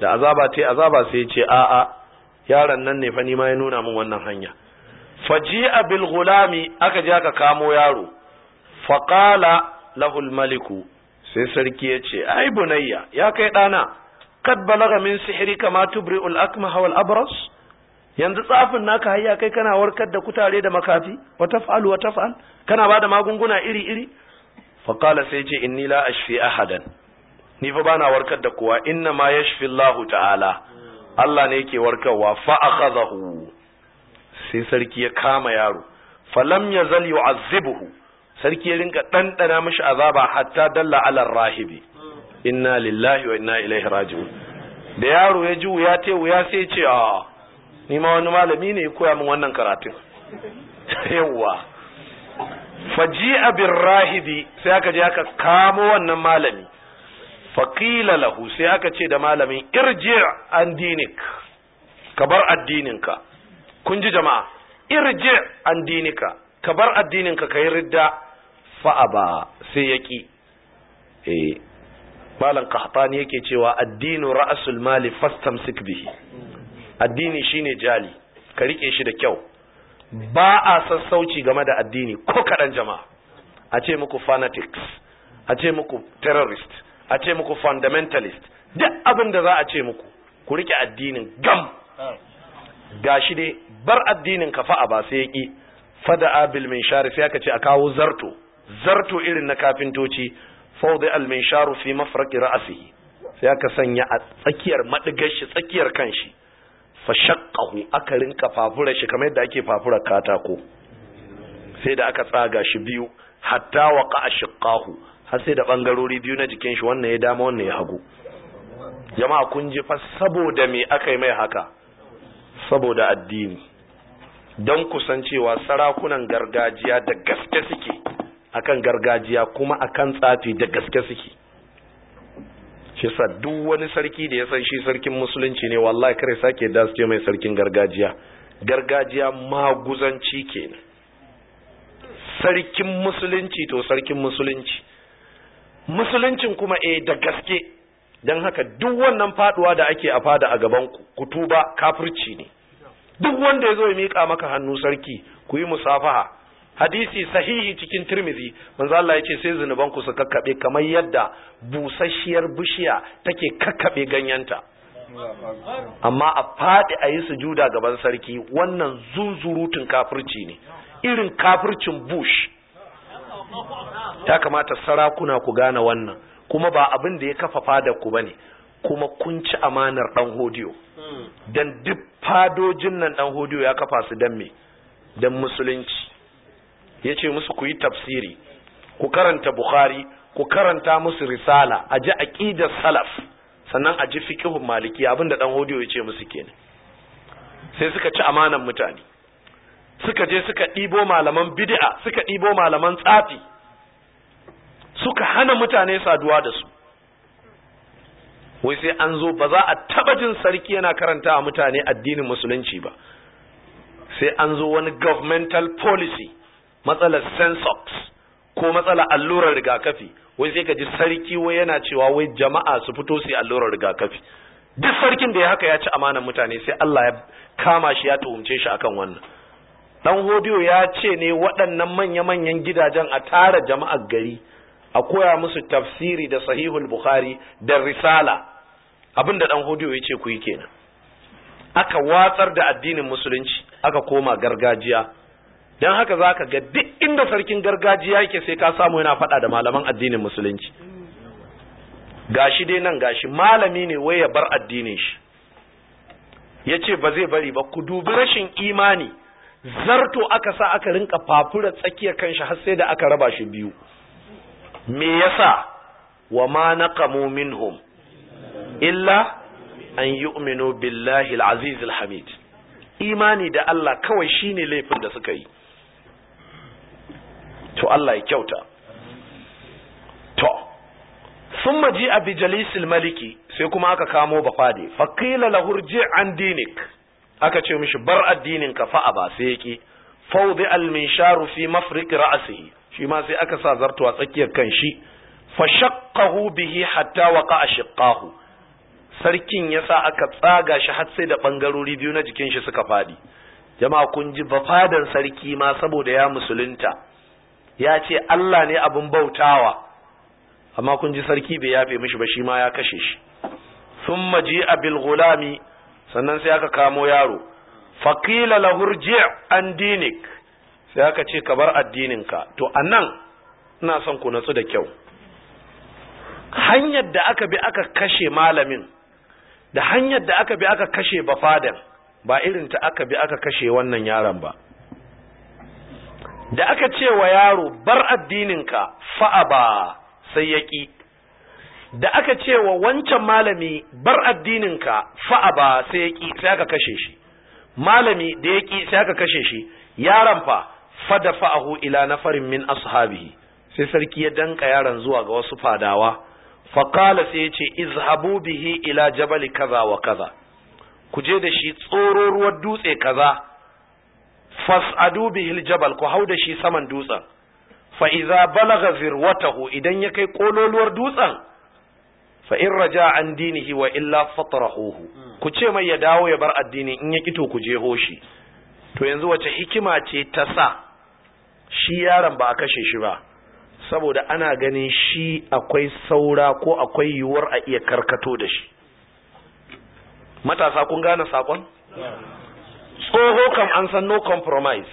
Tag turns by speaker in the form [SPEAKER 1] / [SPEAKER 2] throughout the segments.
[SPEAKER 1] da azaba ta azaba sai ce ce a'a yaron nan ne fa ni ma ya nuna min wannan hanya faji'a bil gulami aka je aka kamo yaro faqala lahu al maliku sai sarki ya ce ai bunayya ya kai dana kad balaga min sihri kama al akmaha wal abras yanzu tsafin naka hayya kai kana warkar da kutare da makafi wa taf'al wa taf'al kana bada magunguna iri iri faqala sai ce inni la ashfi ahadan ni fa bana warkar da kowa inna ma yashfi Allahu ta'ala Allah ne yake warkarwa fa akhadahu sai sarki ya kama yaro falam yazal yu'azzibuhu sarki ya rinka dandana mishi azaba hatta dalla ala rahibi inna lillahi wa inna ilaihi raji'un da yaro ya ji wuya te wuya sai ce a ah, ni ma wani malami ne ya koya min wannan karatun yawwa faji'a bin rahibi sai aka je aka kamo wannan malami faƙila lahu sai aka ce da malamin irje an dinik ka bar addininka kun ji jama'a irje an dinika ka bar addininka ka yi ridda fa'a ba sai ya ƙi eh, malam qahtani yake cewa addinu ra'asul mali fastamsik bihi addini shine jali ka riƙe shi da kyau ba a sassauci game da addini ko kaɗan jama'a a ce muku fanatics a ce muku terrorists. a ce muku fundamentalist duk abin da za a ce muku ku rike addinin gam gashi dai bar addinin kafa a ba sai yaki fada abil min sai aka ce a kawo zarto zarto irin na kafintoci fawdi al min sharu fi mafraqi ra'sihi sai aka sanya a
[SPEAKER 2] tsakiyar
[SPEAKER 1] madigar shi tsakiyar kanshi fa shaqqahu aka rinka fafura shi kamar yadda ake fafura katako sai da aka tsaga shi biyu hatta waqa ashqahu har sai da bangarori biyu na jikin shi wannan ya dama wannan ya hagu jama'a kun ji fa saboda me aka yi mai haka saboda addini don kusancewa sarakunan gargajiya da gaske suke akan gargajiya kuma akan tsafi da gaske suke shi sa duk wani sarki da ya san shi sarkin musulunci ne wallahi kare sake da su mai sarkin gargajiya gargajiya maguzanci kenan sarkin musulunci to sarkin musulunci musuluncin kuma eh da gaske don haka duk wannan faduwa da ake a fada a gaban ku tuba kafirci ne duk wanda ya zo ya miƙa maka hannu sarki ku yi musafaha hadisi sahihi cikin tirmidhi manzo Allah ce sai zunuban ku su kakkabe kamar yadda busasshiyar bishiya take kakkabe ganyenta amma a fadi a yi sujuda gaban sarki wannan zunzurutun kafirci ne irin kafircin bush ta kamata sarakuna ku gane wannan kuma ba abin da ya kafa fada ku bane kuma kun ci amanar dan hodiyo dan duk fadojin nan dan hodiyo ya kafa su dan me dan musulunci yace musu ku yi tafsiri ku karanta bukhari ku karanta musu risala a ji aqidar salaf sannan a ji fiqhun maliki abinda dan hodiyo yace musu kenan sai suka ci amanar mutane suka je suka ɗibo malaman bid'a suka ɗibo malaman tsafi suka hana mutane saduwa da su wai sai an zo ba za a taba jin sarki yana karanta a mutane addinin musulunci ba sai an zo wani governmental policy matsalar sensox ko matsalar allurar rigakafi wai sai ka ji sarki wai yana cewa wai jama'a su fito su allurar rigakafi duk sarkin da ya haka ya ci amanar mutane sai Allah ya kama shi ya tuhumce shi akan wannan dan hodiyo ya ce ne waɗannan manya-manyan gidajen a tara jama'ar gari a koya musu tafsiri da sahihul bukhari da risala abinda dan hodiyo ya ce ku yi kenan aka watsar da addinin musulunci aka koma gargajiya don haka za ka ga duk inda sarkin gargajiya yake sai ka samu yana faɗa da malaman addinin musulunci gashi dai nan gashi malami ne wai ya bar addinin shi ya ce ba zai bari ba ku dubi rashin imani zarto aka sa aka rinka fafura tsakiyar kanshi har sai da aka raba shi biyu me yasa wa ma naqamu minhum illa an yu'minu billahi al-aziz al-hamid imani da Allah kawai shine laifin da suka yi to Allah ya kyauta to thumma ji'a bi jalisil maliki sai kuma aka kamo bafade faqila lahurji an dinik aka ce mishi bar addinin ka fa'a ba sai yake fawdi al minsharu fi mafriq ra'sihi shi ma sai aka sa zarto a tsakiyar kan shi fa shaqqahu bihi hatta waqa shiqqahu sarkin yasa aka tsaga shi har sai da bangarori biyu na jikin shi suka fadi jama'a kun ji bafadan sarki ma saboda ya musulunta ya ce Allah ne abin bautawa amma kun ji sarki bai yafe mishi ba shi ma ya kashe shi thumma ji'a bil sannan sai aka kamo yaro faqila lahu an dinik sai aka ce ka bar addininka to anan ina son ku natsu da kyau hanyar da aka bi aka kashe malamin da hanyar da aka bi aka kashe bafadan ba irin ta aka bi aka kashe wannan yaron ba da aka ce wa yaro bar addininka fa'aba sai ya da aka ce wa wancan malami bar addininka fa'a ba sai ya ki sai aka kashe shi malami da ya ki sai aka kashe shi yaron fa fada fa'ahu ila nafarin min ashabihi sai sarki ya danka yaron zuwa ga wasu fadawa kala sai ya ce izhabu bihi ila jabali kaza wa kaza ku je da shi tsoro ruwan dutse kaza fas'adu bihi jabal ku hau da shi saman dutsen fa iza balaga zirwatahu idan ya kai kololuwar dutsen fa in raja an dinihi wa illa hohu. Hmm. ku ce mai ya dawo ya bar addini in ya kito ku je shi to yanzu wace hikima ce ta sa shi yaron ba a kashe shi ba saboda ana ganin shi akwai saura ko akwai yiwuwar a iya karkato da shi matasa kun gane sakon tsoho kam an san no compromise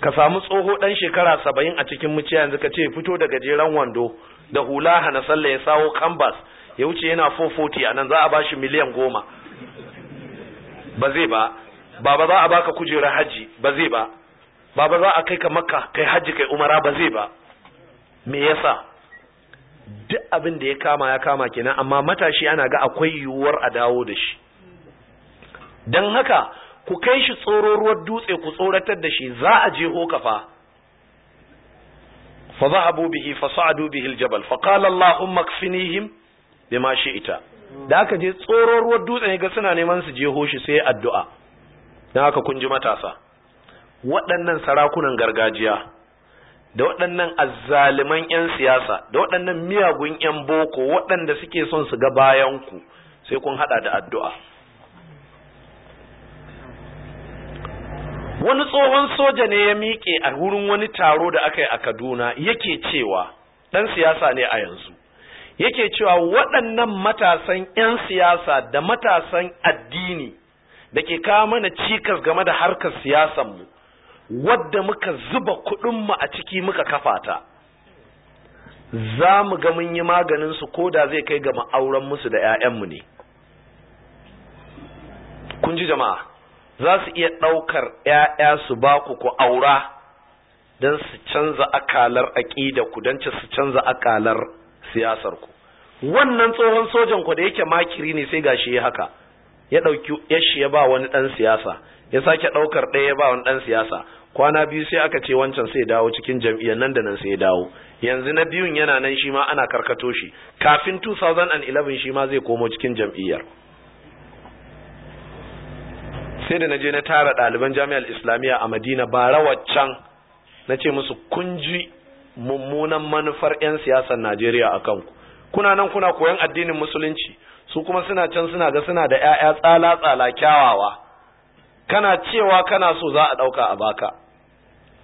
[SPEAKER 1] ka samu tsoho ɗan shekara saba'in a cikin muciya yanzu ka ce fito da gajeren wando da hula hana sallah ya sawo kambas ya wuce yana 440 anan za a bashi miliyan goma ba zai ba baba za a baka kujerar haji ba zai ba baba za a kai ka makka kai haji kai umara ba zai ba me yasa duk abin da ya kama ya kama kenan amma matashi ana ga akwai yiwuwar a dawo da shi dan haka ku kai shi tsororuwar dutse ku tsoratar da shi za a je hokafa فذهبوا به فصعدوا به الجبل فقال اللهم اكفنيهم بما شئت da aka je tsoron ruwan dutsen ga suna neman su je hoshi sai addu'a haka aka kunji matasa waɗannan sarakunan gargajiya da waɗannan azzaliman 'yan siyasa da waɗannan miyagun 'yan boko waɗanda suke son su ga bayanku sai kun haɗa da addu'a wani tsohon soja ne ya miƙe a wurin wani taro da aka yi a kaduna yake cewa ɗan siyasa ne a yanzu yake cewa waɗannan matasan 'yan siyasa da matasan addini da ke kawo mana cikas game da harkar siyasanmu wadda muka zuba kuɗinmu a ciki muka kafa ta za mu ga mun yi su ko da zai kai ga ma'auran musu da 'ya'yanmu ne kun ji jama'a za su iya ɗaukar ‘ya'ya su ba ku ku aura don su canza akalar aƙida ku don su canza akalar siyasar ku wannan tsohon sojan ku da yake makiri ne sai gashi ya haka ya ɗauki yashi ya ba wani ɗan siyasa ya sake ɗaukar ɗaya ya ba wani ɗan siyasa kwana biyu sai aka ce wancan sai dawo cikin jam'iyyar nan da nan sai dawo yanzu na biyun yana nan shi ma ana karkato shi kafin 2011 shi ma zai komo cikin jam'iyyar sai da na je na tara ɗaliban jami'ar islamiyya a madina ba waccan na ce musu kunji mummunan manufar 'yan siyasar najeriya a kanku kuna nan kuna koyon addinin musulunci su kuma suna can suna ga suna da 'ya'ya tsala-tsala kyawawa kana cewa kana so za a ɗauka a baka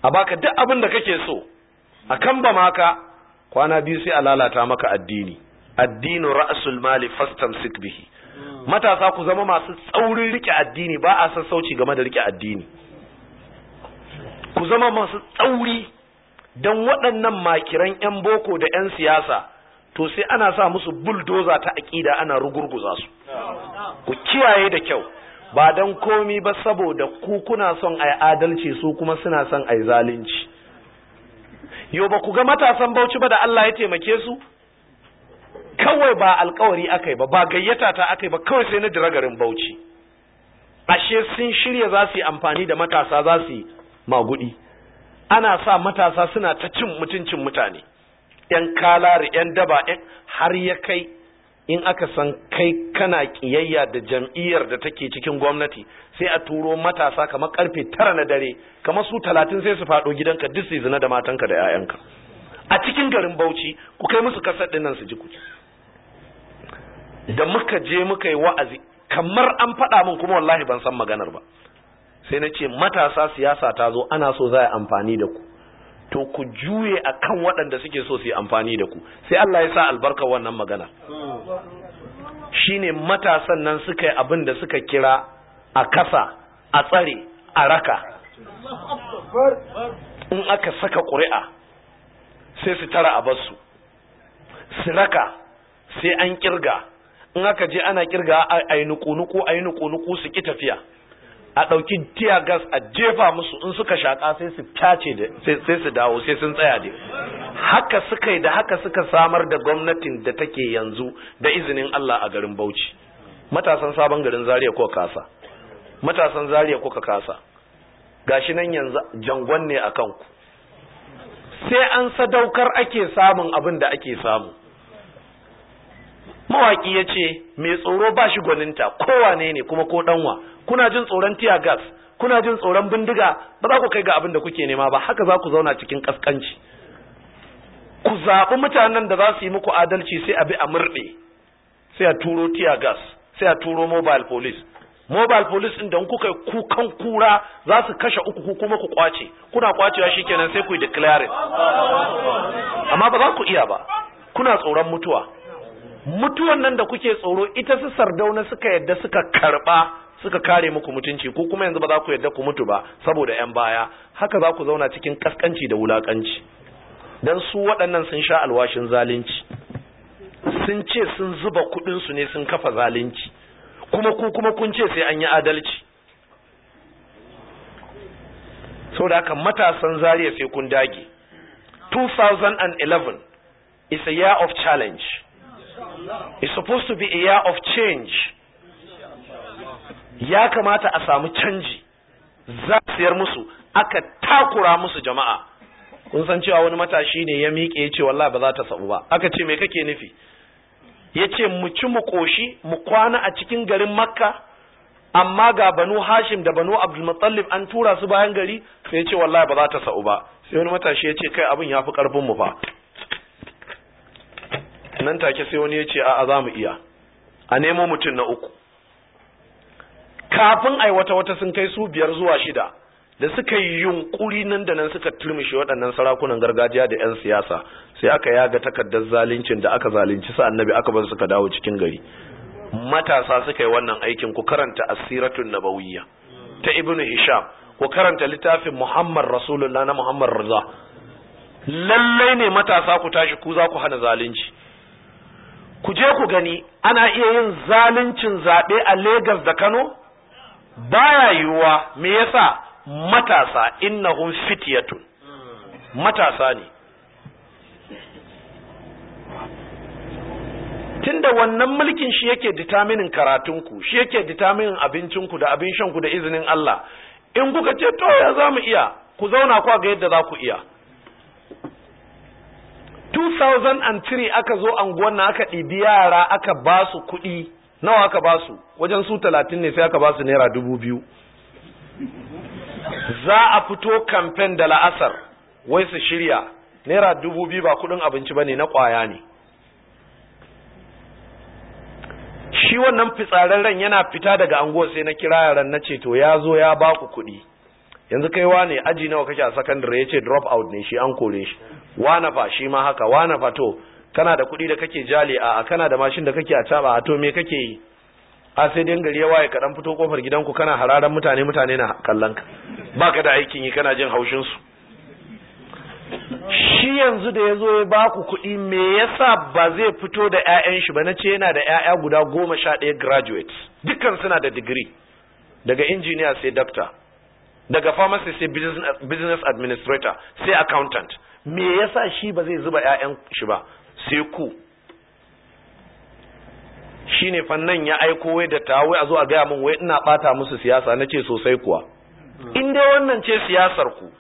[SPEAKER 1] a baka duk abin da kake so a kan ba maka kwana biyu sai a lalata maka addini addinu ra'asul mali fastamsik bihi matasa ku zama masu tsaurin rike addini ba a sassauci game da rike addini ku zama masu tsauri don waɗannan makiran 'yan boko da 'yan siyasa to sai ana sa musu buldoza ta aƙida ana rugurguza su ku kiyaye da kyau ba don komi ba saboda ku kuna son a adalci su kuma suna son a zalunci yau ba ku ga matasan bauchi ba da Allah ya taimake su kawai ba alkawari akai ba ba gayyata ta aka akai ba kawai sai na jira garin Bauchi ashe sun shirya za su yi amfani da matasa za su yi magudi ana sa matasa suna ta cin mutuncin mutane yan kalari yan daba eh, har ya kai in aka san kai kana kiyayya da jam'iyyar da take cikin gwamnati sai a turo matasa kamar karfe tara na dare kamar su talatin sai su faɗo gidanka duk su zina da matanka da 'ya'yanka a cikin garin bauchi ku kai musu kasar ɗin nan su ji ku da muka je muka yi wa'azi kamar an faɗa min kuma wallahi ban san maganar ba sai na ce matasa siyasa ta zo ana so za a amfani da ku to ku juye a kan waɗanda suke so su yi amfani da ku sai Allah ya sa albarka wannan magana Shi ne matasan nan suka yi abin da suka kira a kasa a tsare a raka in aka saka ƙuri'a sai su tara a basu su raka sai an ƙirga. in aka je ana kirga a yi nuku a yi nuku su ki tafiya a ɗauki tiya gas a jefa musu in suka shaƙa sai su tace sai su dawo sai sun tsaya da haka suka yi da haka suka samar da gwamnatin da take yanzu da izinin Allah a garin Bauchi matasan sabon garin Zaria ko kasa matasan Zaria ko kasa gashi nan yanzu jangon ne akan ku sai an sadaukar ake samun abin da ake samu mawaki ya ce mai tsoro ba shi gwaninta kowa ne kuma ko danwa kuna jin tsoron tiya gas kuna jin tsoron bindiga ba za ku kai ga abin da kuke nema ba haka za ku zauna cikin kaskanci ku zaɓi mutanen da za su yi muku adalci sai a bi a murɗe sai a turo tiya gas sai a turo mobile police mobile police ɗin da kuka kukan kura za su kashe uku ku kuma ku kwace kuna kwacewa shikenan sai ku yi declaring amma ba za ku iya ba kuna tsoron mutuwa mutuwan nan da kuke tsoro ita su sardauna suka yadda suka karba suka kare muku mutunci ko kuma yanzu ba za ku yadda ku mutu ba saboda yan baya haka za ku zauna cikin kaskanci da wulakanci dan su waɗannan sun sha alwashin zalunci sun ce sun zuba kuɗin su ne sun kafa zalunci kuma ku kuma kun ce sai an yi adalci saboda haka matasan zariya sai kun dage 2011 is a year of challenge It's supposed to be a year of change. Ya kamata a samu canji, za siyar musu, aka takura musu jama'a. Kun san cewa wani matashi ne ya miƙe ya ce wallah ba za ta sabu ba. Aka ce me kake nufi? Ya ce mu ci mu ƙoshi, mu kwana a cikin garin Makka, amma ga banu hashim da banu abdulmutallib an tura su bayan gari sai ya ce wallahi ba za ta sa'u ba sai wani matashi ya ce kai abin ya fi karfin mu fa nan take sai wani ya ce a'a za mu iya a nemo mutum na uku kafin ai wata wata sun kai su biyar zuwa shida da suka yi yunkuri nan da nan suka turmushe waɗannan sarakunan gargajiya da 'yan siyasa sai aka yaga takardar zaluncin da aka zalunci sa annabi aka bar suka dawo cikin gari matasa suka yi wannan aikin ku karanta asiratun nabawiyya ta ibnu hisham ku karanta littafin muhammad rasulullah na muhammad raza
[SPEAKER 2] lallai
[SPEAKER 1] ne matasa ku tashi ku za ku hana zalunci ku je ku gani ana iya yin zaluncin zaɓe a Legas da Kano baya yiwuwa me yasa matasa innahum fityatun matasa ne tunda wannan mulkin shi yake determinin karatunku shi yake determinin abincinku da abin shanku da izinin Allah in kuka ce to ya za mu iya ku zauna ku ga yadda za ku iya 2003 aka zo anguwan na aka ɗibi yara aka ba su kuɗi nawa aka ba su wajen su talatin ne sai aka ba su naira dubu biyu za a fito kamfen da la'asar wai su shirya naira dubu biyu ba kuɗin abinci ba ne na ƙwaya ne shi wannan fitsararren yana fita daga anguwa sai na kira yaran na ce to ya zo ya ba ku kuɗi yanzu kai wane aji nawa kake a secondary yace drop out ne shi an kore shi wana fa shi ma haka wana fa to kana da kuɗi da kake jale a kana da mashin da kake a taba a to me kake yi a sai dai gari ya waye ka dan fito kofar gidanku kana hararan mutane mutane na kallon ka baka da aikin yi kana jin haushin su shi yanzu da yazo zo ya baku kuɗi me yasa ba zai fito da 'ya'yan shi ba nace yana da 'ya'ya guda goma sha ɗaya graduate dukkan suna da digiri daga injiniya sai doctor daga pharmacy sai business administrator sai accountant me yasa shi ba zai zuba 'ya'yan shi ba sai ku shi ne fannan ya aiko wai da ta wai a zo gaya min wai ina bata musu siyasa na ce sosai kuwa hmm. in dai wannan ce siyasar ku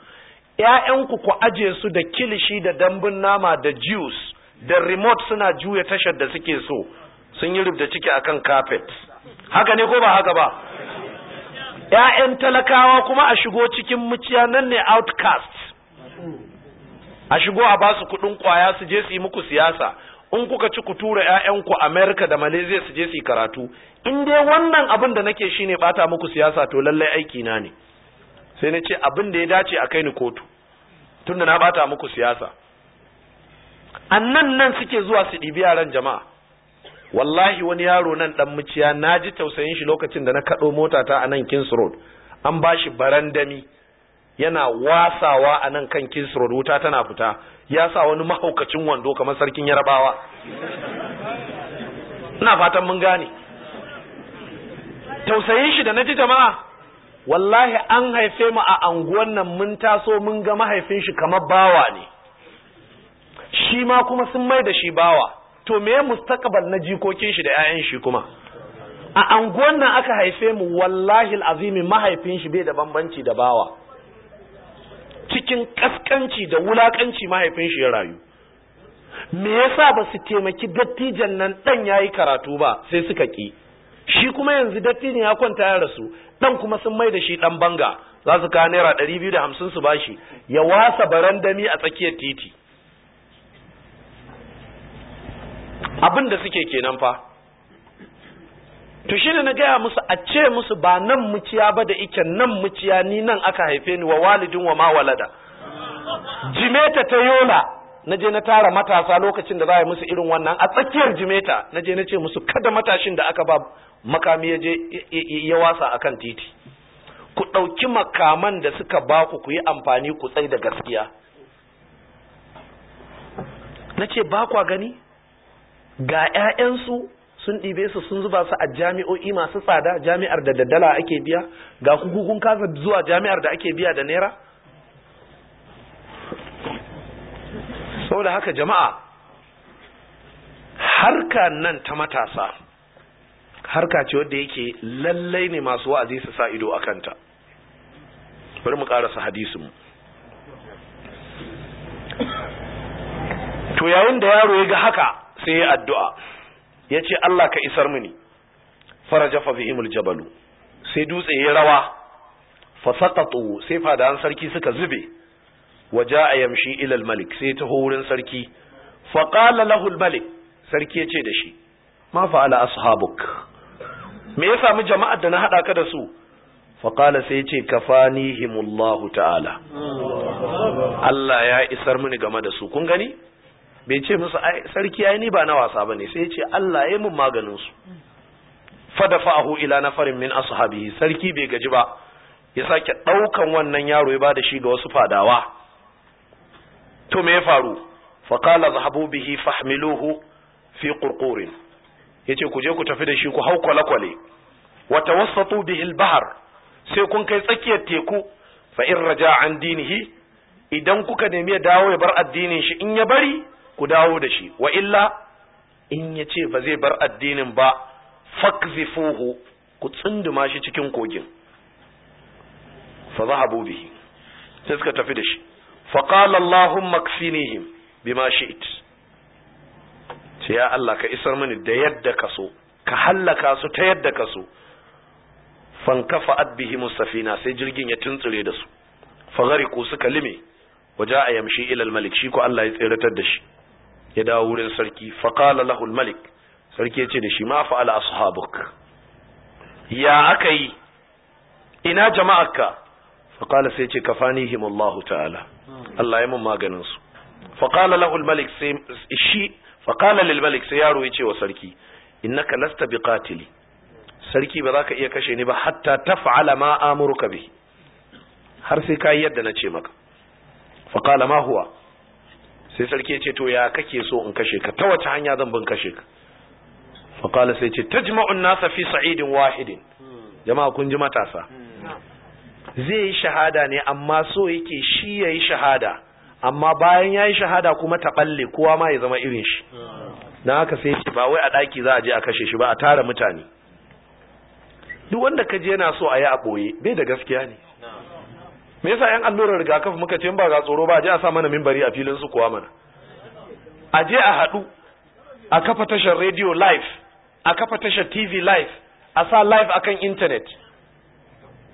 [SPEAKER 1] ‘ya'yanku ku aje su da kilishi da dambun nama da juice da remote suna juya tashar da suke so sun yi rubda ciki akan carpet haka ne ko ba haka ba ‘ya'yan talakawa kuma a shigo cikin muciya nan ne outcast a shigo a basu kuɗin kwaya su je su yi muku siyasa in kuka ci ku tura ‘ya'yanku Amerika da Malaysia su je su yi karatu in dai wannan abin da nake shine bata muku siyasa to lallai aiki na ne sai na ce abin da ya dace a kai ni kotu tun da na bata muku siyasa annan nan suke zuwa su ɗibi yaran jama'a wallahi wani yaro nan dan muciya na ji tausayin shi lokacin da na kaɗo ta a nan kings road an ba shi barandami yana wasawa a nan kan kings road wuta tana fita ya sa wani mahaukacin wando kamar sarkin yarabawa ina fatan mun gane tausayin shi da na ji jama'a wallahi an haife mu a anguwan nan mun taso mun ga mahaifin shi kamar bawa ne shi ma kuma sun mai da shi bawa to me mustaqbal na jikokin shi da 'ya'yan shi kuma a anguwan nan aka haife mu wallahi alazim mahaifin shi bai da bambanci da bawa cikin kaskanci da wulakanci mahaifin shi ya rayu me yasa ba su taimaki dattijan nan dan yayi karatu ba sai suka ki shi kuma yanzu dattijan ya kwanta ya rasu dan kuma sun mai da shi dan banga za su kawo naira ɗari biyu da hamsin su bashi ya wasa barandami a tsakiyar titi abin da suke kenan fa to shi ne na gaya musu a ce musu ba nan muciya ba da ike nan muciya ni nan aka haife ni wa walidin wa ma walada jimeta ta yola na je na tara matasa lokacin da za a yi musu irin wannan a tsakiyar jimeta na je na ce musu kada matashin da aka ba makami ya je ya wasa akan titi ku ɗauki makaman da suka ba ku ku yi amfani ku tsai da gaskiya na ce ba kwa gani ga 'ya'yansu sun ɗibe su sun zuba su a jami'o'i masu tsada jami'ar da daddala ake biya ga kun kasa zuwa jami'ar da ake biya da naira saboda haka jama'a harka nan ta matasa harka ce wadda yake lallai ne masu wa'azi su sa ido a kanta bari mu ƙarasa mu. to yayin da yaro ya ga haka sai ya addu'a ya ce Allah ka isar mini faraja fazihimul jabalu sai dutse ya rawa fasaqatu sai fadawan sarki suka zube waja yamshi ila malik sai taho wurin sarki faqala lahu al-malik sarki ya ce da shi ma fa'ala ashabuk me ya samu jama'ar da na hada ka da su faƙala sai ce kafanihimullahu ta'ala Allah ya isar mini game da su kun gani bai ce musu sarki ai ni ba na wasa ba ne sai yace ce Allah ya yi mun maganin su fadafa'ahu ila na farin min ashabi sarki bai gaji ba ya sake ɗaukan wannan yaro ya bada shi ga wasu fadawa to me ya faru faƙala qala zahabu bihi fahmiluhu fi ya yace ku je ku tafi da shi ku hau kwale-kwale Wata bihil bihi sai kun kai tsakiyar teku fa in raja an dinihi idan kuka nemi ya dawo ya bar addinin shi in ya bari ku dawo da shi wa illa in ya ce ba zai bar addinin ba fakzifuhu ku tsunduma shi cikin kogin fa abu bihi sai suka tafi da shi fa qala allahumma kfinihim bima shi'it ce ya Allah ka isar mini da yadda ka so ka hallaka su ta yadda ka so fankafa adbihi safina sai jirgin ya tuntsure da su fa gari ku suka lime waje a yamshi ilal malik shi ko Allah ya tsiratar da shi ya dawo wurin sarki faqala lahu malik sarki ce da shi ma fa'ala ashabuk ya aka yi. ina jama'arka faqala sai ce yace kafanihim Allah ta'ala Allah ya mun maganinsu. su faqala malik sai shi faqala lil sai yaro yace wa sarki Ina ka lasta bi biqatili sarki ba za ka iya kashe ni ba hatta taf'ala ma amuruka bi har sai kai yadda na ce maka faqala ma huwa sai sarki ya ce to ya kake so in kashe ka ta wace hanya zan bin kashe ka kala sai ce an nasa fi sa'idin wahidin jama'a kun ji matasa zai yi shahada ne amma so yake shi yayi shahada amma bayan yayi shahada kuma ta taɓalle kowa ma ya zama irin shi na haka sai ce ba wai a ɗaki za a je a kashe shi ba a tara mutane duk wanda ka je yana so a yi a boye bai da gaskiya ne me yasa yan allurar rigakafi muka ce ba ga tsoro ba a je a sa mana mimbari a filin su kuwa mana a je a haɗu a kafa tashar radio live a kafa tashar tv live a sa live akan internet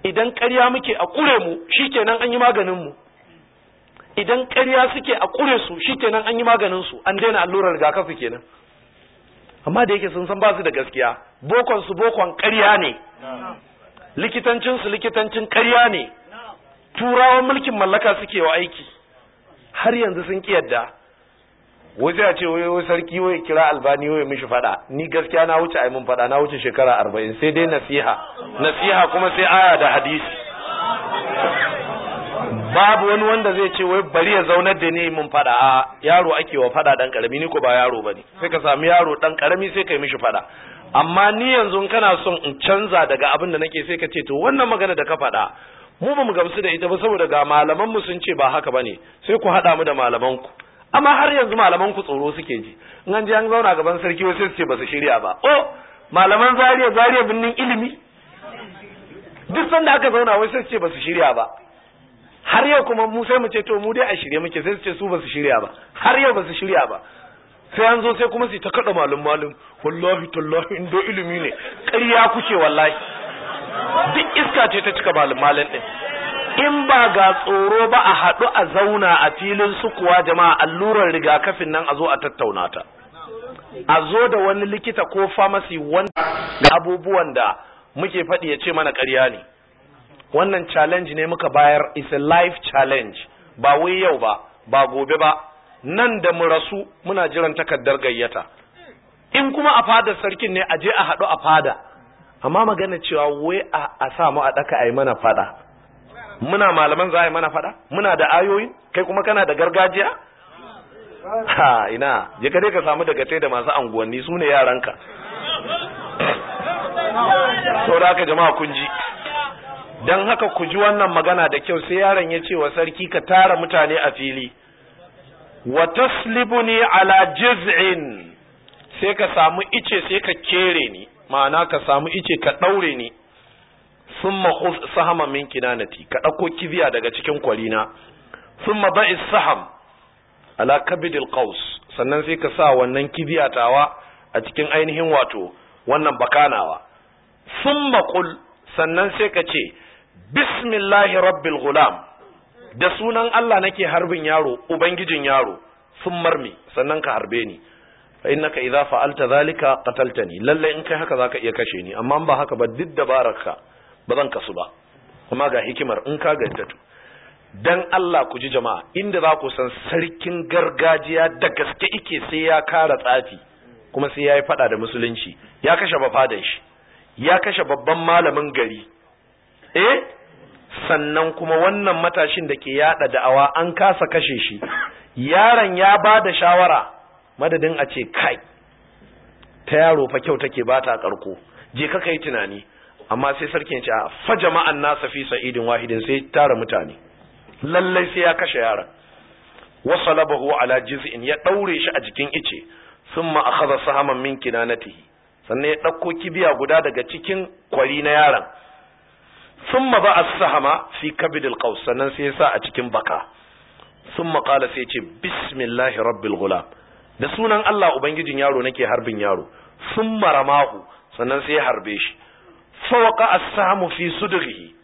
[SPEAKER 1] idan ƙarya muke a ƙure mu shikenan an yi maganin mu idan ƙarya suke a ƙure su shikenan an yi maganin su an daina allurar rigakafi kenan amma da yake sun san ba su da gaskiya bokon su bokon ƙarya ne likitancin su likitancin ƙarya ne turawan mulkin mallaka suke wa aiki har yanzu sun ki yadda waje a ce wayo sarki waye kira albani waye mishi fada ni gaskiya na wuce ai mun fada na wuce shekara 40 sai dai nasiha nasiha kuma sai aya da hadisi babu wani wanda zai ce wai bari ya zaunar da ni mun fada a yaro ake wa fada dan karami ni ko ba yaro bane sai ka sami yaro dan karami sai kai mishi fada amma ni yanzu kana son in canza daga abin da nake sai ka ce to wannan magana da ka fada mu ba mu gamsu da ita ba saboda ga malaman mu sun ce ba haka bane sai ku hada mu da malaman ku amma har yanzu malaman ku tsoro suke ji in an je an zauna gaban sarki wai sai su ce ba su shirya ba oh malaman zariya zariya binnin ilimi duk sanda aka zauna wai sai su ce ba su shirya ba har yau kuma mu sai mu ce to mu dai a shirye muke sai su ce su ba su shirya ba har yau ba su shirya ba sai an zo sai kuma su ta kada malum malum wallahi tallahi indo ilimi ne ƙarya kuke wallahi duk iska ce ta cika malin din in ba ga tsoro ba a haɗu a zauna a filin sukuwa jama'a allurar rigakafin nan a zo a tattauna ta a zo da wani likita ko famasi wanda ga abubuwan da muke faɗi ya ce mana ƙarya ne wannan challenge ne muka bayar is a life challenge ba wai yau ba ba gobe ba nan da mu rasu muna jiran takardar gayyata in kuma a fadar sarkin ne a je a haɗu a fada amma magana cewa wai a samu a daka a yi mana fada muna malaman za a yi mana fada muna da ayoyi kai kuma kana da gargajiya ha ina ya kade ka samu daga tai da masu anguwanni su ne yaranka
[SPEAKER 2] saboda haka jama'a
[SPEAKER 1] kun ji don haka ku ji wannan magana da kyau sai yaron ya ce wa sarki ka tara mutane a fili wa taslibuni ala jiz'in sai ka samu ice sai ka kere ni ma'ana ka samu ice ka ɗaure ni sun mahuf sahama min kinanati ka ɗauko kibiya daga cikin kwalina sun ma ba'i saham ala kabidil qaus sannan sai ka sa wannan kibiya tawa a cikin ainihin wato wannan bakanawa sun maƙul sannan sai ka ce bismillahi rabbil gulam da sunan Allah nake harbin yaro ubangijin yaro sun marmi sannan ka harbe ni fa innaka idza fa'alta zalika qataltani lalle in kai haka zaka iya kashe ni amma ba haka ba duk dabararka ba zan kasu ba kuma ga hikimar in ka gaddatu dan Allah ku ji jama'a inda za ku san sarkin gargajiya da gaske ike sai ya kara tsafi kuma sai ya yi fada da musulunci ya kashe bafadan shi ya kashe babban malamin gari eh sannan kuma wannan matashin da ke yada da'awa an kasa kashe shi yaron ya ba da shawara madadin a ce kai ta yaro fa kyau take ba ta karko je ka kai tunani amma sai sarkin ce a fa jama'an nasa fi sa'idin wahidin sai tara mutane lallai sai ya kashe yaron wasalabahu ala jiz'in ya daure shi a jikin ice thumma akhadha sahaman min kinanatihi sannan ya dauko kibiya guda daga cikin kwari na yaron thumma ba as-sahama fi kabidil qaws sannan sai ya sa a cikin baka thumma qala sai ya ce bismillahir rabbil ghulam da sunan Allah ubangijin yaro nake harbin yaro sun maramahu sannan sai ya harbe shi fawqa as-samu fi sudrihi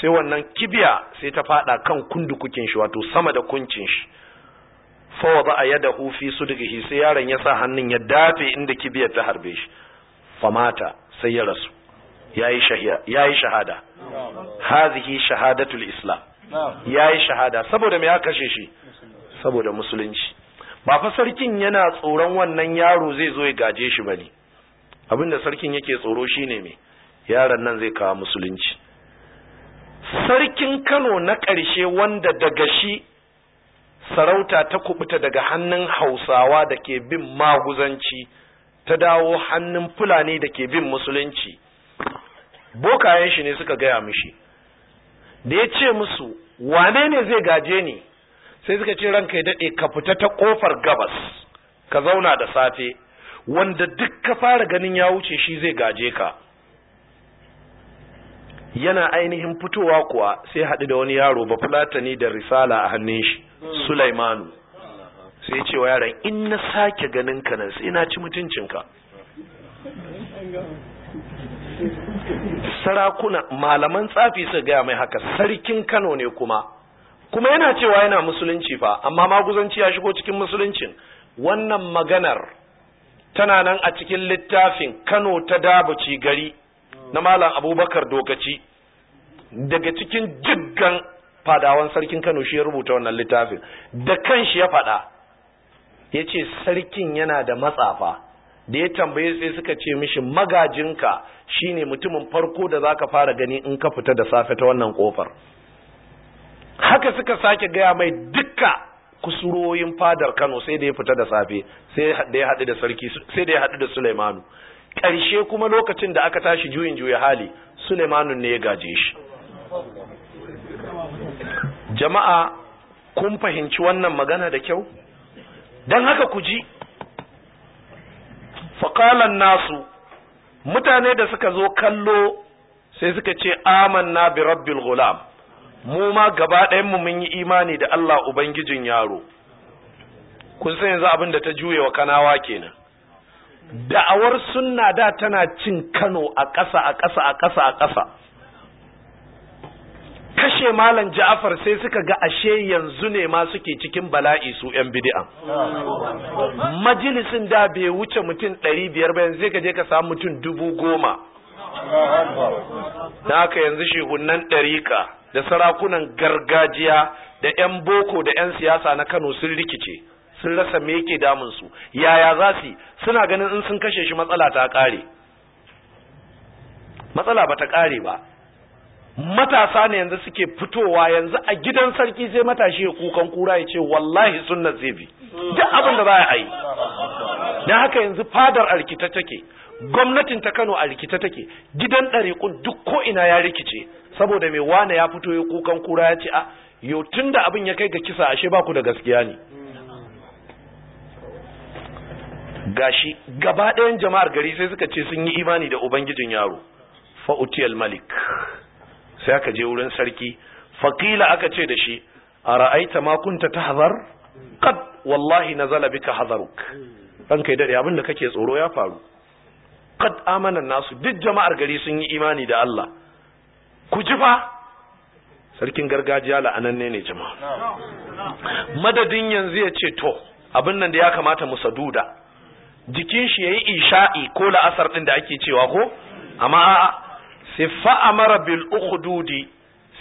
[SPEAKER 1] sai wannan kibiya sai ta fada kan kundukukin shi wato sama da kuncin shi fawada ya dahu fi su sai yaron ya sa hannun ya dafe inda kibiyar ta harbe shi famata sai ya rasu ya yi shahada hazihi shahadatul islam yayi shahada saboda mai ya kashe shi saboda musulunci ba fa sarkin yana tsoron wannan yaro zai zo ya gaje shi bane abinda sarkin yake tsoro shine me yaron nan zai kawo musulunci sarkin Kano na ƙarshe wanda daga shi sarauta ta kubuta daga hannun Hausawa da ke bin maguzanci ta dawo hannun Fulani da ke bin musulunci bokayen shi ne suka gaya mishi da ya ce musu wane ne zai gaje ni sai suka ce ranka ya daɗe ka fita ta ƙofar gabas ka zauna da safe wanda duk ka fara ganin ya wuce shi zai gaje ka yana ainihin fitowa kuwa sai haɗu da wani yaro ba fulatani da risala a hannun shi sulaimanu sai cewa yaran in na sake ganin ka nan sai na ci mutuncinka sarakuna malaman tsafi su gaya mai haka sarkin kano ne kuma kuma yana cewa yana musulunci fa amma maguzanci ya shigo cikin musuluncin wannan maganar tana nan a cikin littafin Kano ta dabaci gari na malam Abubakar Dokaci daga cikin jiggan fadawan sarkin Kano shi ya rubuta wannan littafin da kanshi ya faɗa yace sarkin yana da matsafa da ya tambaye sai suka ce mishi magajinka shine mutumin farko da zaka fara gani in ka fita da safe ta wannan kofar haka suka sake gaya mai dukka kusuroyin fadar Kano sai da ya fita da safe sai da ya haɗu da sarki Sulaimanu ƙarshe kuma lokacin da aka tashi juyin juya hali Sulaimanu ne ya gaje shi jama'a kun fahimci wannan magana da kyau Don haka ku ji faƙalan nasu mutane da suka zo kallo sai suka ce amanna bi rabbil gulam mu ma gaba mu mun yi imani da Allah ubangijin yaro kun san yanzu abin da ta juye wa kanawa kenan da'awar sunna da tana cin Kano a ƙasa a ƙasa a ƙasa a ƙasa kashe malam Ja'afar sai suka ga ashe yanzu ne ma suke cikin bala'i su yan bid'a majalisin da bai wuce mutum ɗari biyar ba yanzu ka je ka samu mutum 10,000 na haka yanzu shehunan ɗarika da sarakunan gargajiya da 'yan boko da 'yan siyasa na kano sun rikice sun rasa me yake damunsu yaya za su suna ganin in sun kashe shi matsala ta kare matsala ba ta ƙare ba matasa ne yanzu suke fitowa yanzu a gidan sarki sai matashi ya kukan kura ya ce wallahi sunna zai bi
[SPEAKER 2] duk abin da za a
[SPEAKER 1] yi don haka yanzu fadar arkita take gwamnatin ta Kano a rikice take gidan ɗariƙun duk ko ina ya rikice saboda mai wane ya fito ya kukan kura ya ce a ah, yau tun da abin ya kai ga kisa ashe ba ku da gaskiya ne gashi gaba ɗayan jama'ar gari sai suka ce sun yi imani da ubangijin yaro fa'utiyal malik sai aka je wurin sarki faƙila aka ce da shi a ra'aita makunta ta hazar kad wallahi na zalabi bika hazaruk ranka kai daɗe abin da kake tsoro ya faru qad amana nasu duk jama'ar gari sun yi imani da Allah ku ji fa sarkin gargajiya la'ananne ne
[SPEAKER 2] jama'a
[SPEAKER 1] madadin yanzu ya ce to abin nan da ya kamata mu saduda jikin shi yayi isha'i ko la'asar din da ake cewa ko amma sai fa amara bil ukhududi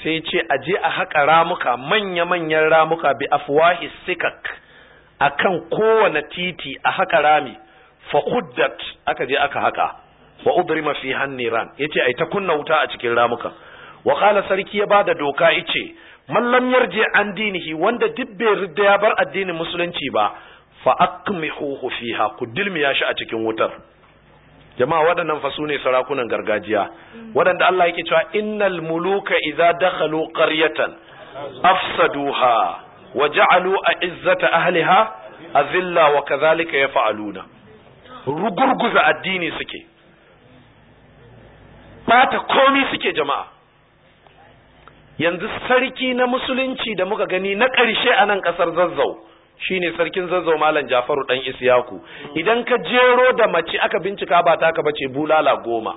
[SPEAKER 1] sai ce a je a haƙa ramuka manya-manyan ramuka bi afwahi sikak akan kowane titi a haƙa rami fa aka je aka haka wa udrima mafi hanniran yace yi ta kunna wuta a cikin ramukan wa sarki ya ba da doka yace ce, lam yarji an dinihi wanda duk bai ridda ya bar addinin musulunci ba fa aqmihuhu fiha ku dilmiya shi a cikin wutar jama'a waɗannan fa sune sarakunan gargajiya waɗanda Allah yake cewa innal muluka idza dakhalu qaryatan afsaduha wa ja'alu a'izzata ahliha azilla wa kadhalika yaf'aluna rugurguza addini suke bata komi suke jama'a yanzu sarki na musulunci da muka gani na ƙarshe a nan ƙasar zazzau shine sarkin zazzau malam jafaru ɗan Isyaku. idan ka jero da mace aka bincika ba ta ka bace bulala goma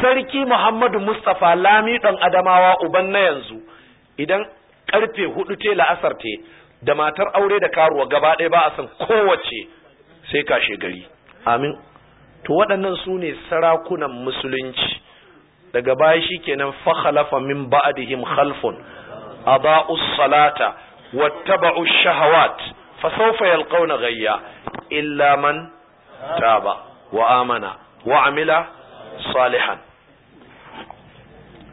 [SPEAKER 1] sarki muhammadu mustapha lami ɗan adamawa uban na yanzu idan ƙarfe hudu te la'asar te da matar aure da karuwa gaba ɗaya ba a san kowace sai kashe gari amin to waɗannan su ne sarakunan musulunci daga baya shi kenan fa khalafa min ba'dihim khalfun aba'us salata wattaba'u shahawat fa sawfa yalqawna ghayya illa man taba wa amana wa amila salihan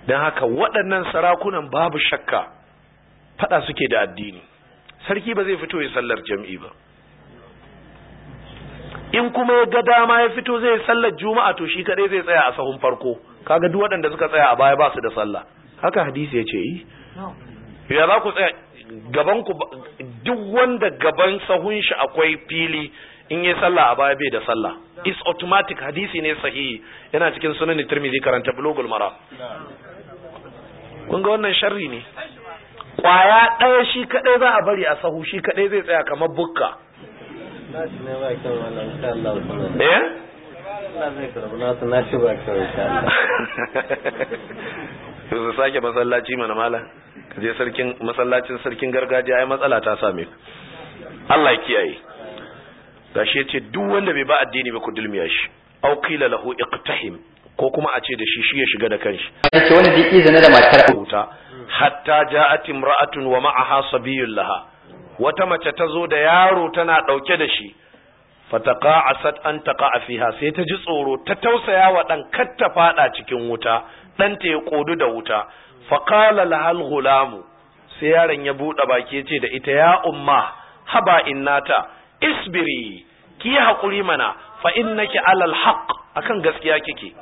[SPEAKER 1] dan haka waɗannan sarakunan babu shakka fada suke da addini sarki ba zai fito ya sallar jami'i ba in kuma ya ga dama ya fito zai sallar juma'a to shi kadai zai tsaya a sahun farko kaga duk waɗanda suka tsaya a baya ba su da sallah haka hadisi ya ce yi eh, ya za ku tsaya gaban ku duk wanda gaban sahun shi akwai fili in yi sallah a baya bai da sallah is automatic hadisi ne sahihi yana cikin sunan tirmidhi karanta bulugul mara kun ga wannan sharri ne kwaya ɗaya shi kadai za a bari a sahu shi kadai zai tsaya kamar bukka eh sake masallaci mana mala je sarkin masallacin sarkin gargajiya ai matsala ta same Allah kiyaye gashi yace duk wanda bai ba addini ba ku dulmiya shi aw qila lahu iqtahim ko kuma a ce da shi shi ya shiga da kanshi
[SPEAKER 2] yace wanda duk da matar
[SPEAKER 1] wuta hatta ja'at imra'atun wa ma'aha sabiyun laha wata mace ta zo da yaro tana ɗauke da shi fataka asad an taka a fiha sai ta ji tsoro ta tausaya wa ɗan kar ta faɗa cikin wuta ɗan ta ya ƙodu da wuta faƙala lahal gulamu sai yaron ya buɗe baki ce da ita ya umma haba innata isbiri ki yi haƙuri mana fa innaki alal haqq akan gaskiya kike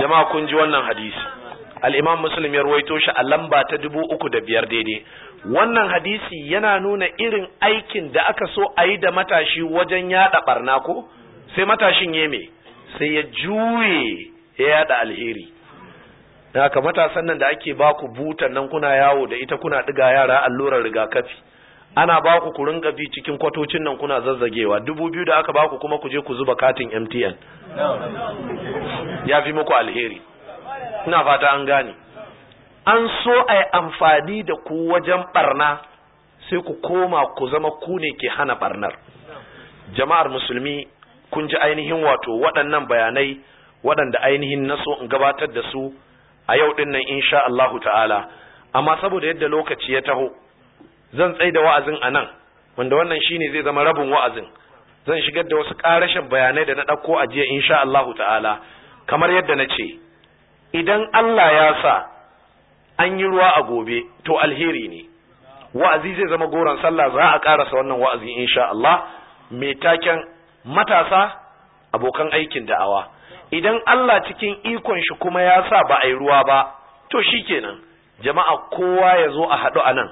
[SPEAKER 1] jama'a kun ji wannan hadisi al-imam muslim ya ruwaito shi a lamba ta dubu uku da biyar daidai wannan hadisi yana nuna irin aikin da aka so a yi da matashi wajen yada barna ko sai matashin ya me sai ya juye ya yada alheri aka matasan nan da ake baku butan nan kuna yawo da ita kuna diga yara allurar rigakafi ana baku ku ringa bi cikin kwatocin nan kuna zazzagewa dubu biyu da aka baku kuma ku je ku zuba katin MTN ya fi muku alheri ina fata an gane an so a amfani da ku wajen barna sai ku koma ku zama ku ne ke hana barnar jama'ar musulmi kun ji ainihin wato waɗannan bayanai waɗanda ainihin na so in gabatar da su a yau ɗin nan insha Allahu ta'ala amma saboda yadda lokaci ya taho zan tsaida wa'azin a nan wanda wannan shine zai zama rabin wa'azin zan shigar da wasu ƙarashin bayanai da na ɗauko a jiya insha Allahu ta'ala kamar yadda na ce idan Allah ya sa an yi ruwa a gobe to alheri ne wa'azi zai zama goron sallah za a karasa wannan wa'azi insha Allah mai taken matasa abokan aikin da'awa idan Allah cikin ikon shi kuma ya sa ba a yi ruwa ba to shi kenan jama'a kowa ya zo a haɗu a nan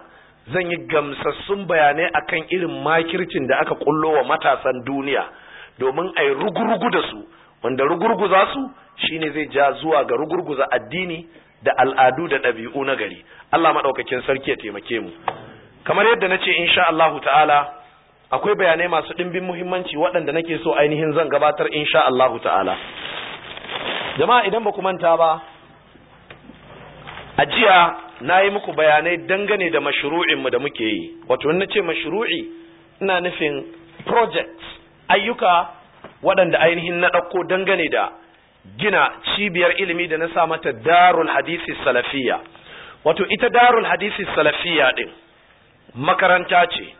[SPEAKER 1] zan yi gamsassun bayanai akan irin makircin da aka kullo wa matasan duniya domin a yi rugurugu da su wanda rugurguza su shine zai ja zuwa ga rugurguza addini da al'adu da ɗabi'u na gari Allah maɗaukakin sarki ya taimake mu kamar yadda na ce insha Allahu ta'ala akwai bayanai masu ɗimbin muhimmanci waɗanda nake so ainihin zan gabatar insha Allahu ta'ala jama'a idan ba ku manta ba a jiya na yi muku bayanai dangane da mashru'inmu da muke yi wato na ce mashru'i ina nufin project ayyuka waɗanda ainihin na ɗauko dangane da gina cibiyar ilimi da na sa mata darul hadisi salafiya wato ita darul hadisi salafiya ɗin makaranta ce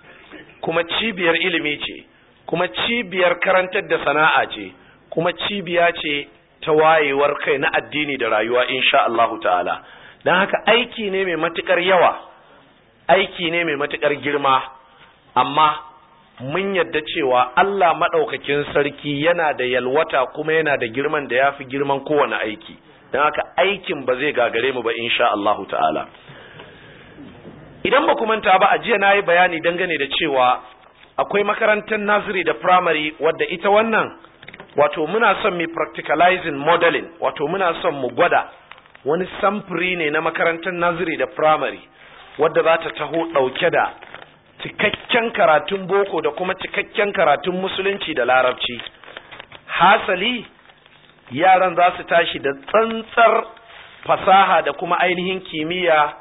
[SPEAKER 1] kuma cibiyar ilimi ce kuma cibiyar karantar da sana'a ce kuma cibiya ce ta wayewar kai na addini da rayuwa insha Allahu ta'ala don haka aiki ne mai matukar yawa aiki ne mai matukar girma amma mun yadda cewa Allah maɗaukakin sarki yana da yalwata kuma yana da girman da ya fi girman kowane aiki don haka aikin ba zai gagare mu ba insha Allahu ta'ala idan ba manta ba a jiya na yi bayani dangane da cewa akwai makarantar naziri da primary wadda ita wannan wato muna son mu practicalizing modeling wato muna son mu gwada wani samfuri ne na makarantar naziri da primary wadda za ta taho ɗauke da cikakken karatun boko da kuma cikakken karatun musulunci da larabci hasali yaran za su tashi da tsantsar fasaha da kuma ainihin kimiyya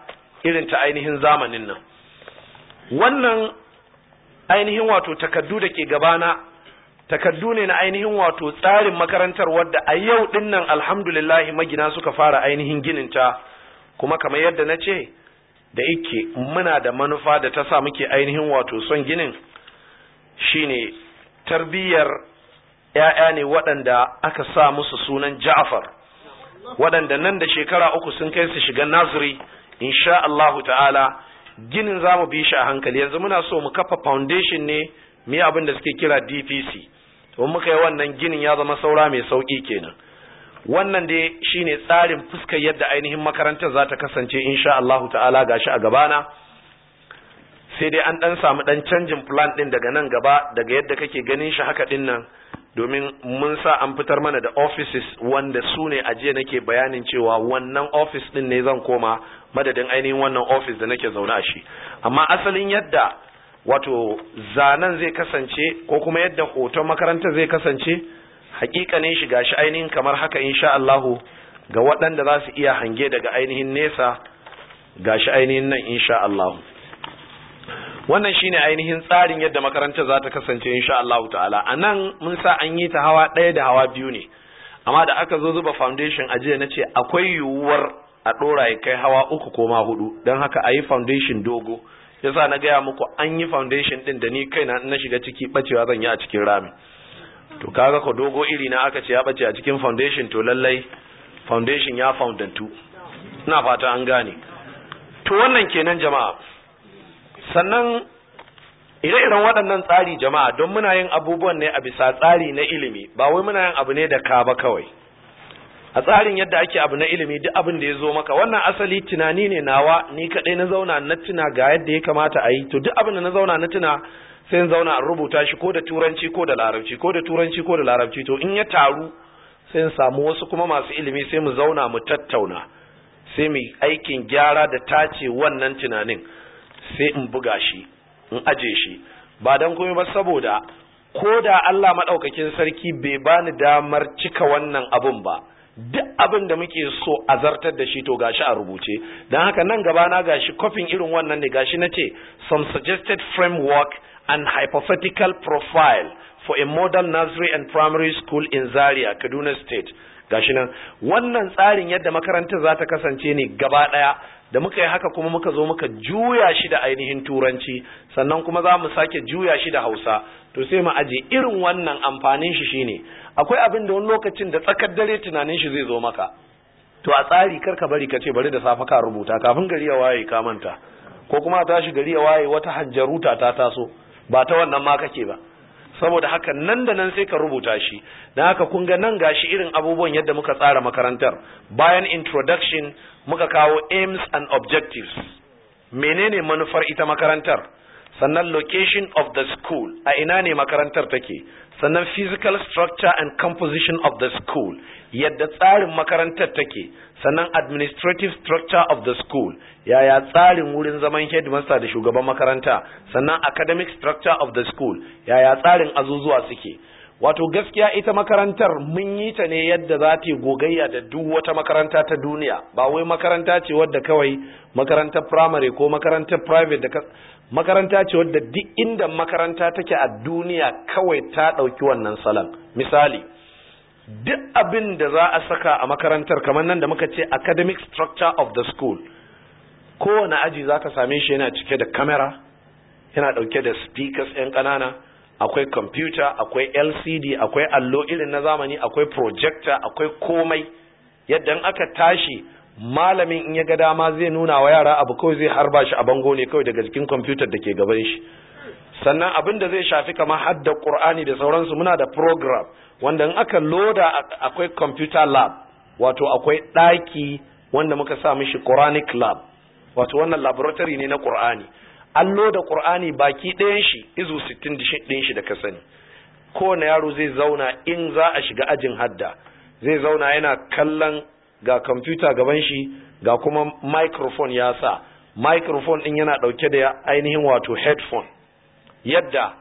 [SPEAKER 1] irin ta ainihin zamanin nan wannan ainihin wato takaddu da ke gabana takaddu ne na ainihin wato tsarin makarantar wadda a yau dinnan alhamdulillahi magina suka fara ainihin gininta kuma kamar yadda na ce da yake muna da manufa da ta sa muke ainihin wato son ginin shine tarbiyyar ‘ya'ya ne waɗanda aka sa musu sunan Ja'far waɗanda nan da shekara uku sun kai su shiga Naziri insha Allahu ta'ala ginin za mu bi shi a hankali yanzu muna so mu kafa foundation ne mu yi abin da suke kira DPC to muka yi wannan ginin ya zama saura mai sauƙi kenan wannan dai shine tsarin fuskar yadda ainihin makarantar za ta kasance insha Allahu ta'ala gashi a gabana sai dai an dan samu dan canjin plan din daga nan gaba daga yadda kake ganin shi haka din nan domin mun sa an fitar mana da offices wanda su ne a jiya nake bayanin cewa wannan office din ne zan koma madadin ainihin wannan office da nake zaune a shi amma asalin yadda wato zanen zai kasance ko kuma yadda hoton makaranta zai kasance hakikanin shi gashi ainihin kamar haka insha Allah ga waɗanda za su iya hange daga ainihin nesa gashi ainihin nan insha Allah wannan shine ainihin tsarin yadda makaranta za ta kasance insha Allah ta'ala anan mun sa an yi ta hawa ɗaya da hawa biyu ne amma da aka zo zuba foundation a jiya ce akwai yiwuwar a ɗora ya kai hawa uku ko ma hudu don haka a yi foundation dogo yasa na gaya muku an yi foundation ɗin da ni kaina na shiga ciki ɓacewa zan yi a cikin rami to kaga ko dogo iri na aka ce ya bace a cikin foundation to lallai foundation ya foundantu ina fata an gane to wannan kenan jama'a sannan ire-iren waɗannan tsari jama'a don muna yin abubuwan ne a bisa tsari na ilimi ba wai muna yin abu ne da ka ba kawai a tsarin yadda ake abu na ilimi duk abin da ya zo maka wannan asali tunani ne nawa ni kaɗai na zauna na tuna ga yadda ya kamata a yi to duk abin da na zauna na tuna sai zauna an rubuta shi ko da turanci ko da larabci ko da turanci ko da larabci to in ya taru sai samu wasu kuma masu ilimi sai mu zauna mu tattauna sai mu aikin gyara da tace wannan tunanin sai in buga shi in aje shi ba dan komai ba saboda ko da Allah madaukakin sarki bai bani damar cika wannan abun ba duk abin da muke so a zartar da shi to gashi a rubuce dan haka nan gaba na gashi kofin irin wannan ne gashi nace some suggested framework and hypothetical profile for a modern nursery and primary school in Zaria, Kaduna State. Gashi nan, wannan tsarin yadda makarantar za ta kasance ne gaba ɗaya da muka yi haka kuma muka zo muka juya shi da ainihin turanci sannan kuma za mu sake juya shi da hausa to sai mu aje irin wannan amfanin shi shine akwai abin da wani lokacin da tsakar dare tunanin shi zai zo maka to a tsari kar ka bari ka ce bari da safe ka rubuta kafin gari ya waye ka manta ko kuma a tashi gari ya waye wata hanjaruta ta taso ba ta wannan ma kake ba saboda haka nan da nan sai ka rubuta shi dan haka kun ga nan gashi irin abubuwan yadda muka tsara makarantar bayan introduction muka kawo aims and objectives menene manufar ita makarantar sannan location of the school a ina ne makarantar take sannan physical structure and composition of the school yadda tsarin makarantar take sannan administrative structure of the school yaya tsarin wurin zaman headmaster da shugaban makaranta sannan academic structure of the school yaya tsarin azuzuwa suke wato gaskiya ita makarantar mun yi ta ne yadda za ta gogayya da duk wata makaranta ta duniya ba wai makaranta ce wadda kawai makarantar primary ko makarantar private da makaranta ce wadda duk inda makaranta take a duniya kawai ta ɗauki wannan salon misali duk abin da za a saka a makarantar kamar nan da muka ce academic structure of the school kowane aji za ka same shi yana cike da kamera yana ɗauke da speakers 'yan ƙanana akwai computer akwai lcd akwai allo irin na zamani akwai projector akwai komai yadda aka tashi malamin in ya ga dama zai nuna wa yara abu kawai zai harba shi a bango ne kawai daga jikin kwamfutar da ke gaban shi sannan abin da zai shafi kamar hadda ƙur'ani da sauransu muna da program wanda in aka loda akwai computer lab wato akwai ɗaki wanda muka sa mishi quranic lab wato wannan laboratory ne na ƙur'ani an loda ƙur'ani baki ɗayan shi izu 60 ɗin shi da ka sani kowane yaro zai zauna in za a shiga ajin hadda zai zauna yana kallon ga kwamfuta gaban shi ga kuma microphone ya sa microphone din yana dauke da ainihin wato headphone yadda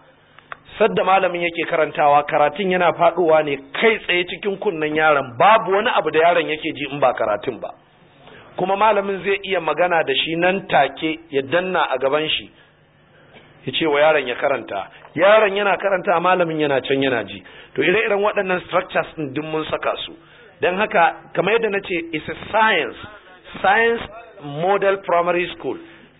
[SPEAKER 1] sadda malamin yake karantawa karatun yana faduwa ne kai tsaye cikin kunnen yaron babu wani abu da yaron yake ji in ba karatun ba kuma malamin zai iya magana da shi nan take ya danna a gaban shi ya ce wa yaron ya karanta yaron yana karanta malamin yana can yana ji to ire-iren waɗannan structures din mun saka su don haka kamar yadda na ce is a science science model primary school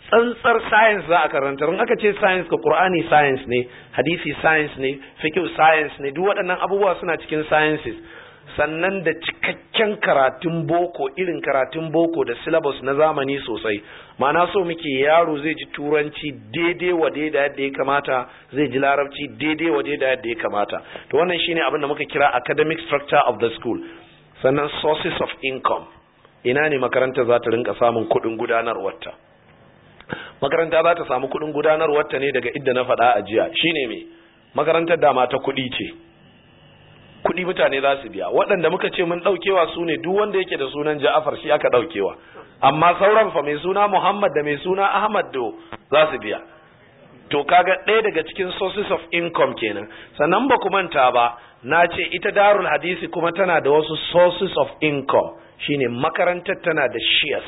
[SPEAKER 1] tsantsar science za a karanta in aka ce science ka qur'ani science ne hadisi science ne fiqh science ne duk waɗannan abubuwa suna cikin sciences sannan da cikakken karatun boko irin karatun boko da syllabus na zamani sosai mana so muke yaro zai ji turanci daidai wa daidai yadda ya kamata zai ji larabci daidai wa daidai yadda ya kamata to wannan shine abin da muka kira academic structure of the school sannan sources of income ina ne makaranta za ta rinka samun kudin gudanarwarta makaranta za ta samu kudin gudanarwarta ne daga idda na faɗa a jiya shine me makarantar dama ta kudi ce kudi mutane za su biya waɗanda muka ce mun ɗaukewa su ne duk wanda yake da sunan ja'afar shi aka ɗaukewa amma sauran fa mai suna muhammad da mai suna ahmad do za su biya to kaga ɗaya daga cikin sources of income kenan sannan ba manta ba na ce ita darul hadisi kuma tana da wasu sources of income shine makarantar tana da shares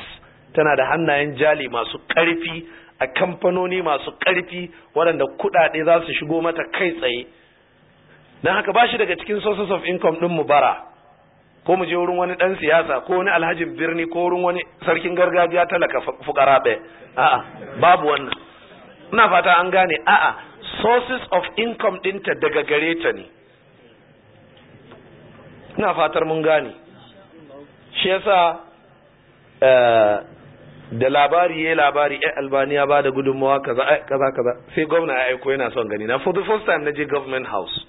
[SPEAKER 1] tana da hannayen jali masu ƙarfi a kamfanoni masu ƙarfi waɗanda kuɗaɗe za su shigo mata kai tsaye don haka ba shi daga cikin sources of income ɗin mu bara ko mu je wurin wani ɗan siyasa ko wani alhajin birni ko wurin wani sarkin gargajiya talaka fukara ɗaya a'a babu wannan ina fata an gane a'a sources of income dinta daga gare ta ne ina fatar mun gane shi yasa eh, da labari eh, ya labari ya albaniya ba da gudunmawa eh, kaza kaza sai gwamna ya aiko yana son gani na for the first time na je government house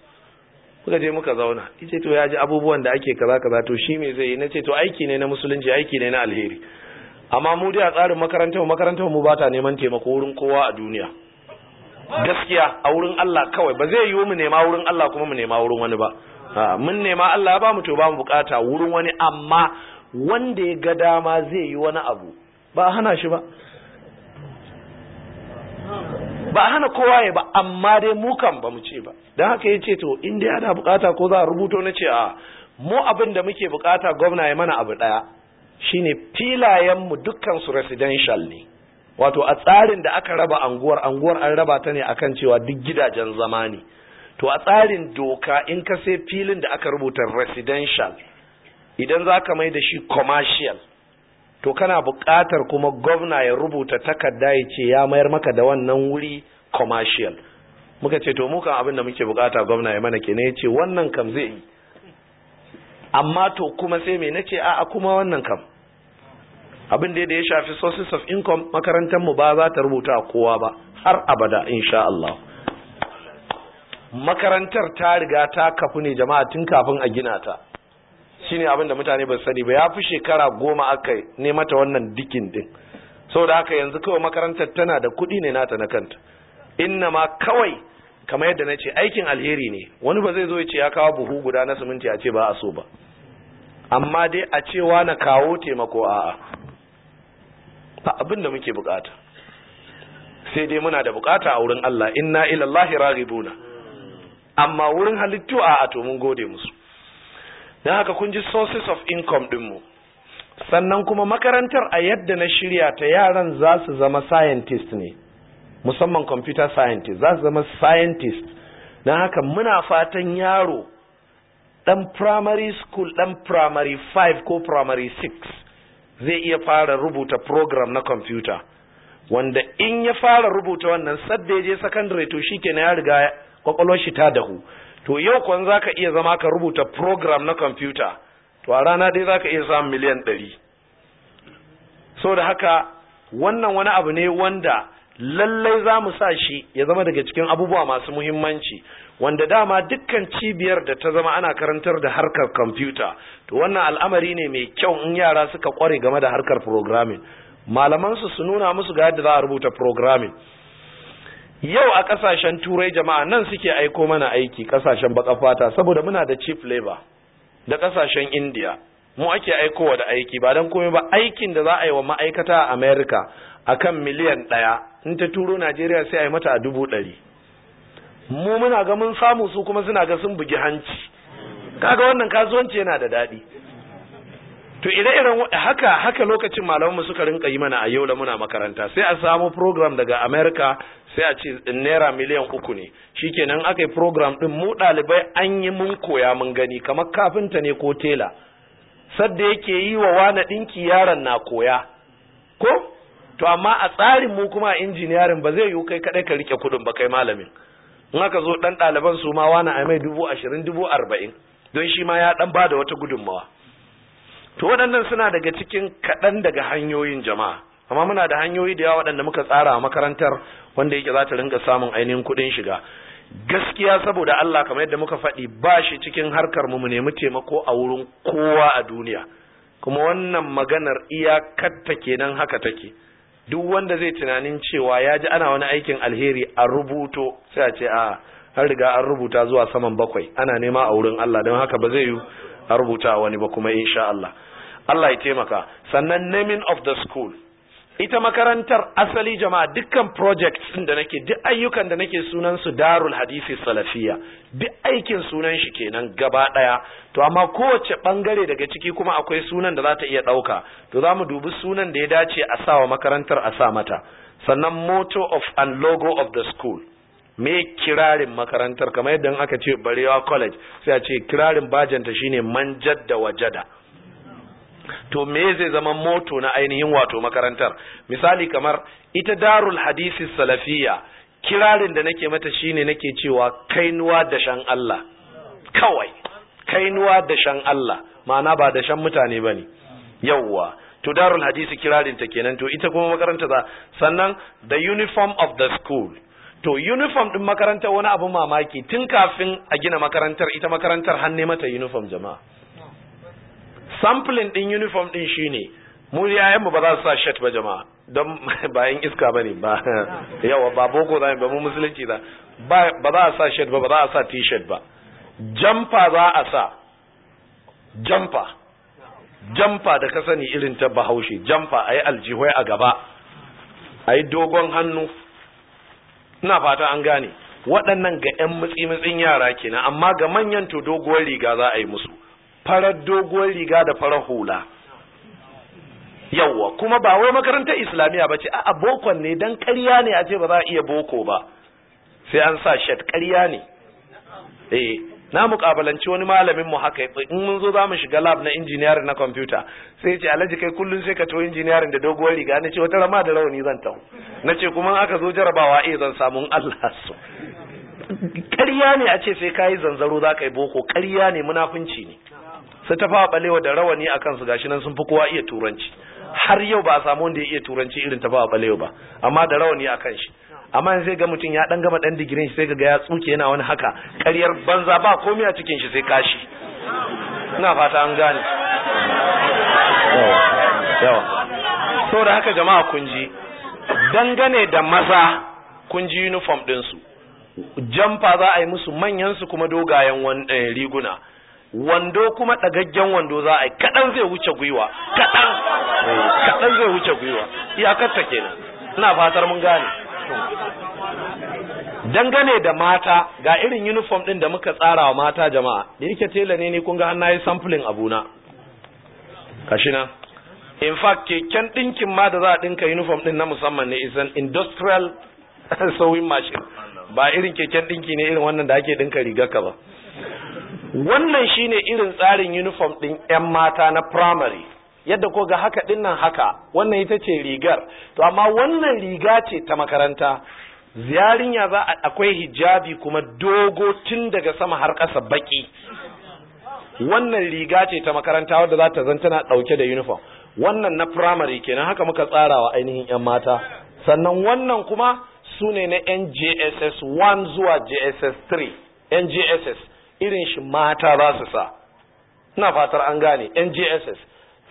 [SPEAKER 1] kuka je muka zauna ita to ya ji abubuwan da ake kaza kaza to shi mai zai yi Na ce to aiki ne na musulunci aiki ne na alheri amma mu dai a tsarin makarantar mu makarantar mu bata neman taimako wurin kowa a duniya gaskiya a wurin Allah kawai ba zai yiwu mu nema wurin Allah kuma mu nema wurin wani ba mun nema Allah ba mu to ba mu bukata wurin wani amma wanda ya ga dama zai yi wani abu ba hana shi ba ba hana kowa ya ba amma dai mu kan ba mu ce ba don haka ya ce to in dai ana bukata ko za a rubuto na ce a mu abin da muke bukata gwamna ya mana abu daya shine filayenmu dukkansu residential ne wato a tsarin da aka raba anguwar anguwar an raba ta ne akan cewa duk gidajen zama ne to a tsarin doka in ka sai filin da aka rubuta residential idan za ka mai da shi commercial to kana buƙatar kuma gwamna ya rubuta takarda ya ce ya mayar maka da wannan wuri commercial muka ce to mukan abin da muke buƙata gwamna ya mana kenan ya ce wannan kam zai yi amma to kuma sai me nace a'a kuma wannan kam abin da ya shafi sources of income makarantar mu ba za ta rubuta a kowa ba har abada insha Allah makarantar ta riga ta kafu ne jama'a tun kafin a gina ta shine abin da mutane ba sani ba ya fi shekara goma aka ne mata wannan dikin din saboda haka yanzu kawai makarantar tana da kuɗi ne nata na kanta inna ma kawai kamar yadda na ce aikin alheri ne wani ba zai zo ya ce ya kawo buhu guda na siminti a ce ba a so ba amma dai a cewa na kawo taimako a'a fa abin da muke bukata sai dai muna da bukata a wurin Allah inna ilallahi raghibuna amma wurin halittu a to mun gode musu dan haka kun ji sources of income din mu sannan kuma makarantar a yadda na shirya ta yaran za su zama scientist ne musamman computer scientist za su zama scientist dan haka muna fatan yaro dan primary school dan primary 5 ko primary 6 zai iya fara rubuta program na kwamfuta wanda in ya fara rubuta wannan sadda ya je sakandare to shi kenan ya riga kwakwalwar shi ta dahu to yau kwan za ka iya zama ka rubuta program na kwamfuta to a rana dai za ka iya samun miliyan ɗari so da haka wannan wani abu ne wanda lallai za mu sa shi ya zama daga cikin abubuwa masu muhimmanci wanda dama dukkan cibiyar da ta zama ana karantar da harkar kwamfuta to wannan al'amari ne mai kyau in yara suka kware game da harkar programming malamansu su nuna musu ga yadda za a rubuta programming yau a kasashen turai jama'a nan suke aiko mana aiki kasashen baka fata saboda muna da Chief labor da kasashen india mu ake aikowa da aiki ba don komai ba aikin da za a yi wa ma'aikata a america akan miliyan ɗaya in ta turo najeriya sai a yi mata a dubu ɗari mu muna ga mun samu su kuma suna ga sun bugi hanci kaga wannan kasuwanci yana da daɗi to ire-iren haka haka lokacin malamanmu suka rinka yi mana a yau da muna makaranta sai a samu program daga america sai a ce naira miliyan uku ne shikenan aka yi program din mu ɗalibai an yi mun koya mun gani kamar kafinta ne ko tela sadda yake yi wa wani dinki yaron na koya ko to amma a tsarin mu kuma a injiniyarin ba zai yiwu kai kaɗai ka rike kuɗin ba kai malamin in aka zo dan ɗaliban su ma wani a mai dubu ashirin dubu arba'in don shi ma ya dan ba da wata gudunmawa to waɗannan suna daga cikin kaɗan daga hanyoyin jama'a amma muna da hanyoyi da yawa waɗanda muka tsara a makarantar wanda yake za ta ringa samun ainihin kuɗin shiga gaskiya saboda Allah kamar yadda muka faɗi ba shi cikin harkar mu mu nemi taimako a wurin kowa a duniya kuma wannan maganar iyakar ta kenan haka take duk wanda zai tunanin cewa ya ji ana wani aikin alheri a rubuto sai a ce a har riga an rubuta zuwa saman bakwai ana nema a wurin Allah don haka ba zai yi a rubuta wani ba kuma insha Allah Allah ya taimaka sannan naming of the school ita makarantar asali jama'a dukkan projects din da nake duk ayyukan da nake sunan su darul hadisi salafiya duk aikin sunan shi kenan gaba daya to amma kowace bangare daga ciki kuma akwai sunan da za ta iya dauka to za mu dubi sunan da ya dace a sawa makarantar a sa mata sannan motto of and logo of the school me kirarin makarantar kamar yadda aka ce barewa college sai a ce kirarin bajanta shine manjad da wajada to me zai zama moto na ainihin wato makarantar misali kamar ita darul hadisi salafiya kirarin da nake mata shine nake cewa kainuwa da shan Allah kawai kainuwa da shan Allah ma'ana ba da shan mutane bane yawwa to darul hadisi kirarin ta kenan to ita kuma makaranta za sannan the uniform of the school to uniform din makarantar wani abu mamaki tun kafin a gina makarantar ita makarantar ne mata uniform jama'a sampling din uniform din shine mu mu ba za su sa shirt ba jama'a don bayan iska ba ne ba yawa ba boko za ba mu musulunci ba ba za a sa shirt ba ba za a sa t-shirt ba jamfa za a sa jamfa jamfa da ka sani irin ta bahaushe jamfa a yi a gaba a yi dogon hannu ina fata an gane waɗannan ga 'yan mutsi-mutsin yara kenan amma ga manyan to doguwar riga za a yi musu farar doguwar riga da farar hula yawwa kuma ba wai makarantar islamiyya ba ce a bokon ne don karya ne a ce ba za a iya boko ba sai an sa shat karya ne eh na mukabalanci wani malamin mu haka in mun zo zamu shiga lab na engineering na computer sai ya ce alhaji kai kullun sai ka to engineering da doguwar riga ce wata rama da rawani zan na ce kuma aka zo jarabawa eh zan samu Allah so ƙarya ne a ce sai kayi zanzaro za ka yi boko karya ne munafunci ne Sai ta fawa balewa da rawani a kansu gashi nan sun fi kowa iya turanci har yau ba a samu wanda ya iya turanci irin ta fawa balewa ba amma da rawani a kan shi amma yanzu ga mutum ya dan gama dan digirin shi sai ga ya tsuke yana wani haka ƙaryar banza ba komai a cikin shi sai kashi ina fata an gane yawa So da haka jama'a kun ji dangane da maza kun ji uniform su, jamfa za a yi musu manyan su kuma dogayen eh, riguna wando kuma dagaggen wando za a yi kaɗan zai wuce gwiwa
[SPEAKER 2] kaɗan kaɗan
[SPEAKER 1] zai wuce gwiwa iyakarta kenan ina fatar mun gane dangane da mata ga irin uniform din da muka tsara wa mata jama'a da yake tela ne ni kun ga na yi sampling abuna kashina in fact keken ɗinkin ma da za a ɗinka uniform din na musamman ne isan industrial sewing machine ba irin keken ɗinki ne irin wannan da ake ɗinka rigar ka ba wannan shine irin tsarin uniform ɗin 'yan mata na primary yadda ko ga haka ɗinnan haka wannan ita ce rigar to amma wannan riga ce ta makaranta ya za a akwai hijabi kuma dogo tun daga sama har ƙasa baki wannan riga ce ta makaranta wadda za ta zan tana ɗauke da uniform wannan na primary kenan haka muka tsara wa ainihin 'yan mata sannan wannan kuma su ne na njss 1 zuwa jss 3 njss irin shi mata za su sa ina fatar an gane yan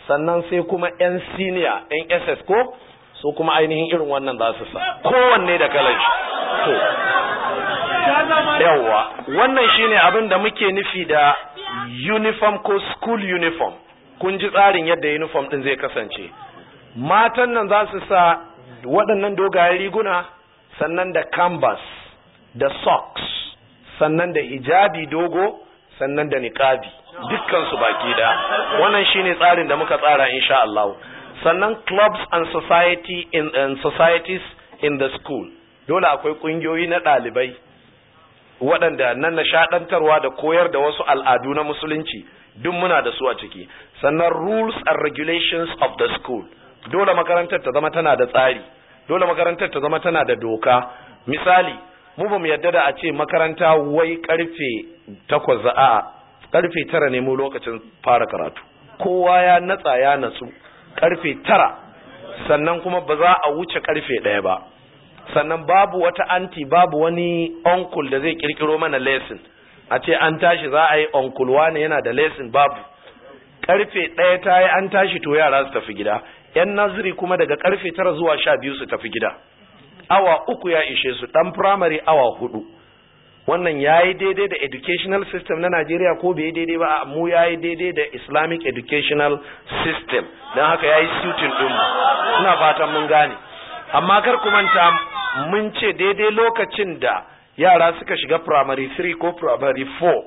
[SPEAKER 1] sannan sai kuma yan senior yan ss ko su kuma ainihin irin wannan za su sa kowanne da kalan
[SPEAKER 2] shi to yawwa
[SPEAKER 1] wannan shine abin da muke nufi da uniform ko school uniform kun ji tsarin yadda uniform din zai kasance matan nan za su sa waɗannan dogayen riguna sannan da canvas da socks sannan da hijabi dogo sannan da niqabi dukkansu baki da wannan shine tsarin da muka tsara insha Allah sannan clubs and society in and societies in the school dole akwai kungiyoyi na dalibai waɗanda nan nishadantarwa da koyar da wasu al'adu na musulunci duk muna da su a ciki sannan rules and regulations of the school dole makarantar ta zama tana da tsari dole makarantar ta zama tana da doka misali mu ba mu yadda da a ce makaranta wai karfe takwas a karfe tara ne mu lokacin fara karatu kowa ya natsa ya natsu karfe tara sannan kuma ba za a wuce karfe ɗaya ba sannan babu wata anti babu wani onkul da zai kirkiro mana lesson a ce an tashi za a yi onkul wane yana da lesson babu karfe ɗaya ta yi an tashi to yara su tafi gida yan naziri kuma daga karfe tara zuwa sha biyu su tafi gida awa uku ya ishe su dan primary awa hudu wannan ya yi daidai da educational system na Najeriya ko bai daidai ba mu ya yi daidai da islamic educational system don haka ya yi suitin ɗinmu suna fatan mun gane amma kar ku manta mun ce daidai lokacin da yara suka shiga primary 3 ko primary 4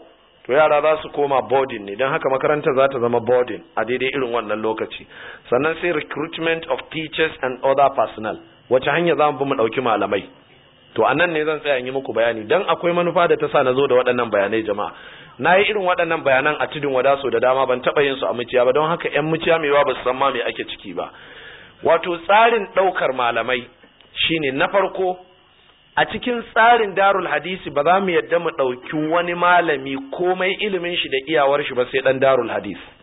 [SPEAKER 1] to yara za su koma boarding ne don haka makaranta za ta zama boarding a daidai irin wannan lokaci sannan sai recruitment of teachers and other personnel wace hanya za mu mu ɗauki malamai to a nan ne zan tsaya yi muku bayani don akwai manufa da ta sa na zo da waɗannan bayanai jama'a na yi irin waɗannan bayanan a tudun wada so da dama ban taɓa yin su a muciya ba don haka 'yan muciya mai ba su san ma mai ake ciki ba wato tsarin ɗaukar malamai shine na farko a cikin tsarin darul hadisi ba za mu yadda mu ɗauki wani malami komai ilimin shi da iyawar shi ba sai ɗan darul hadisi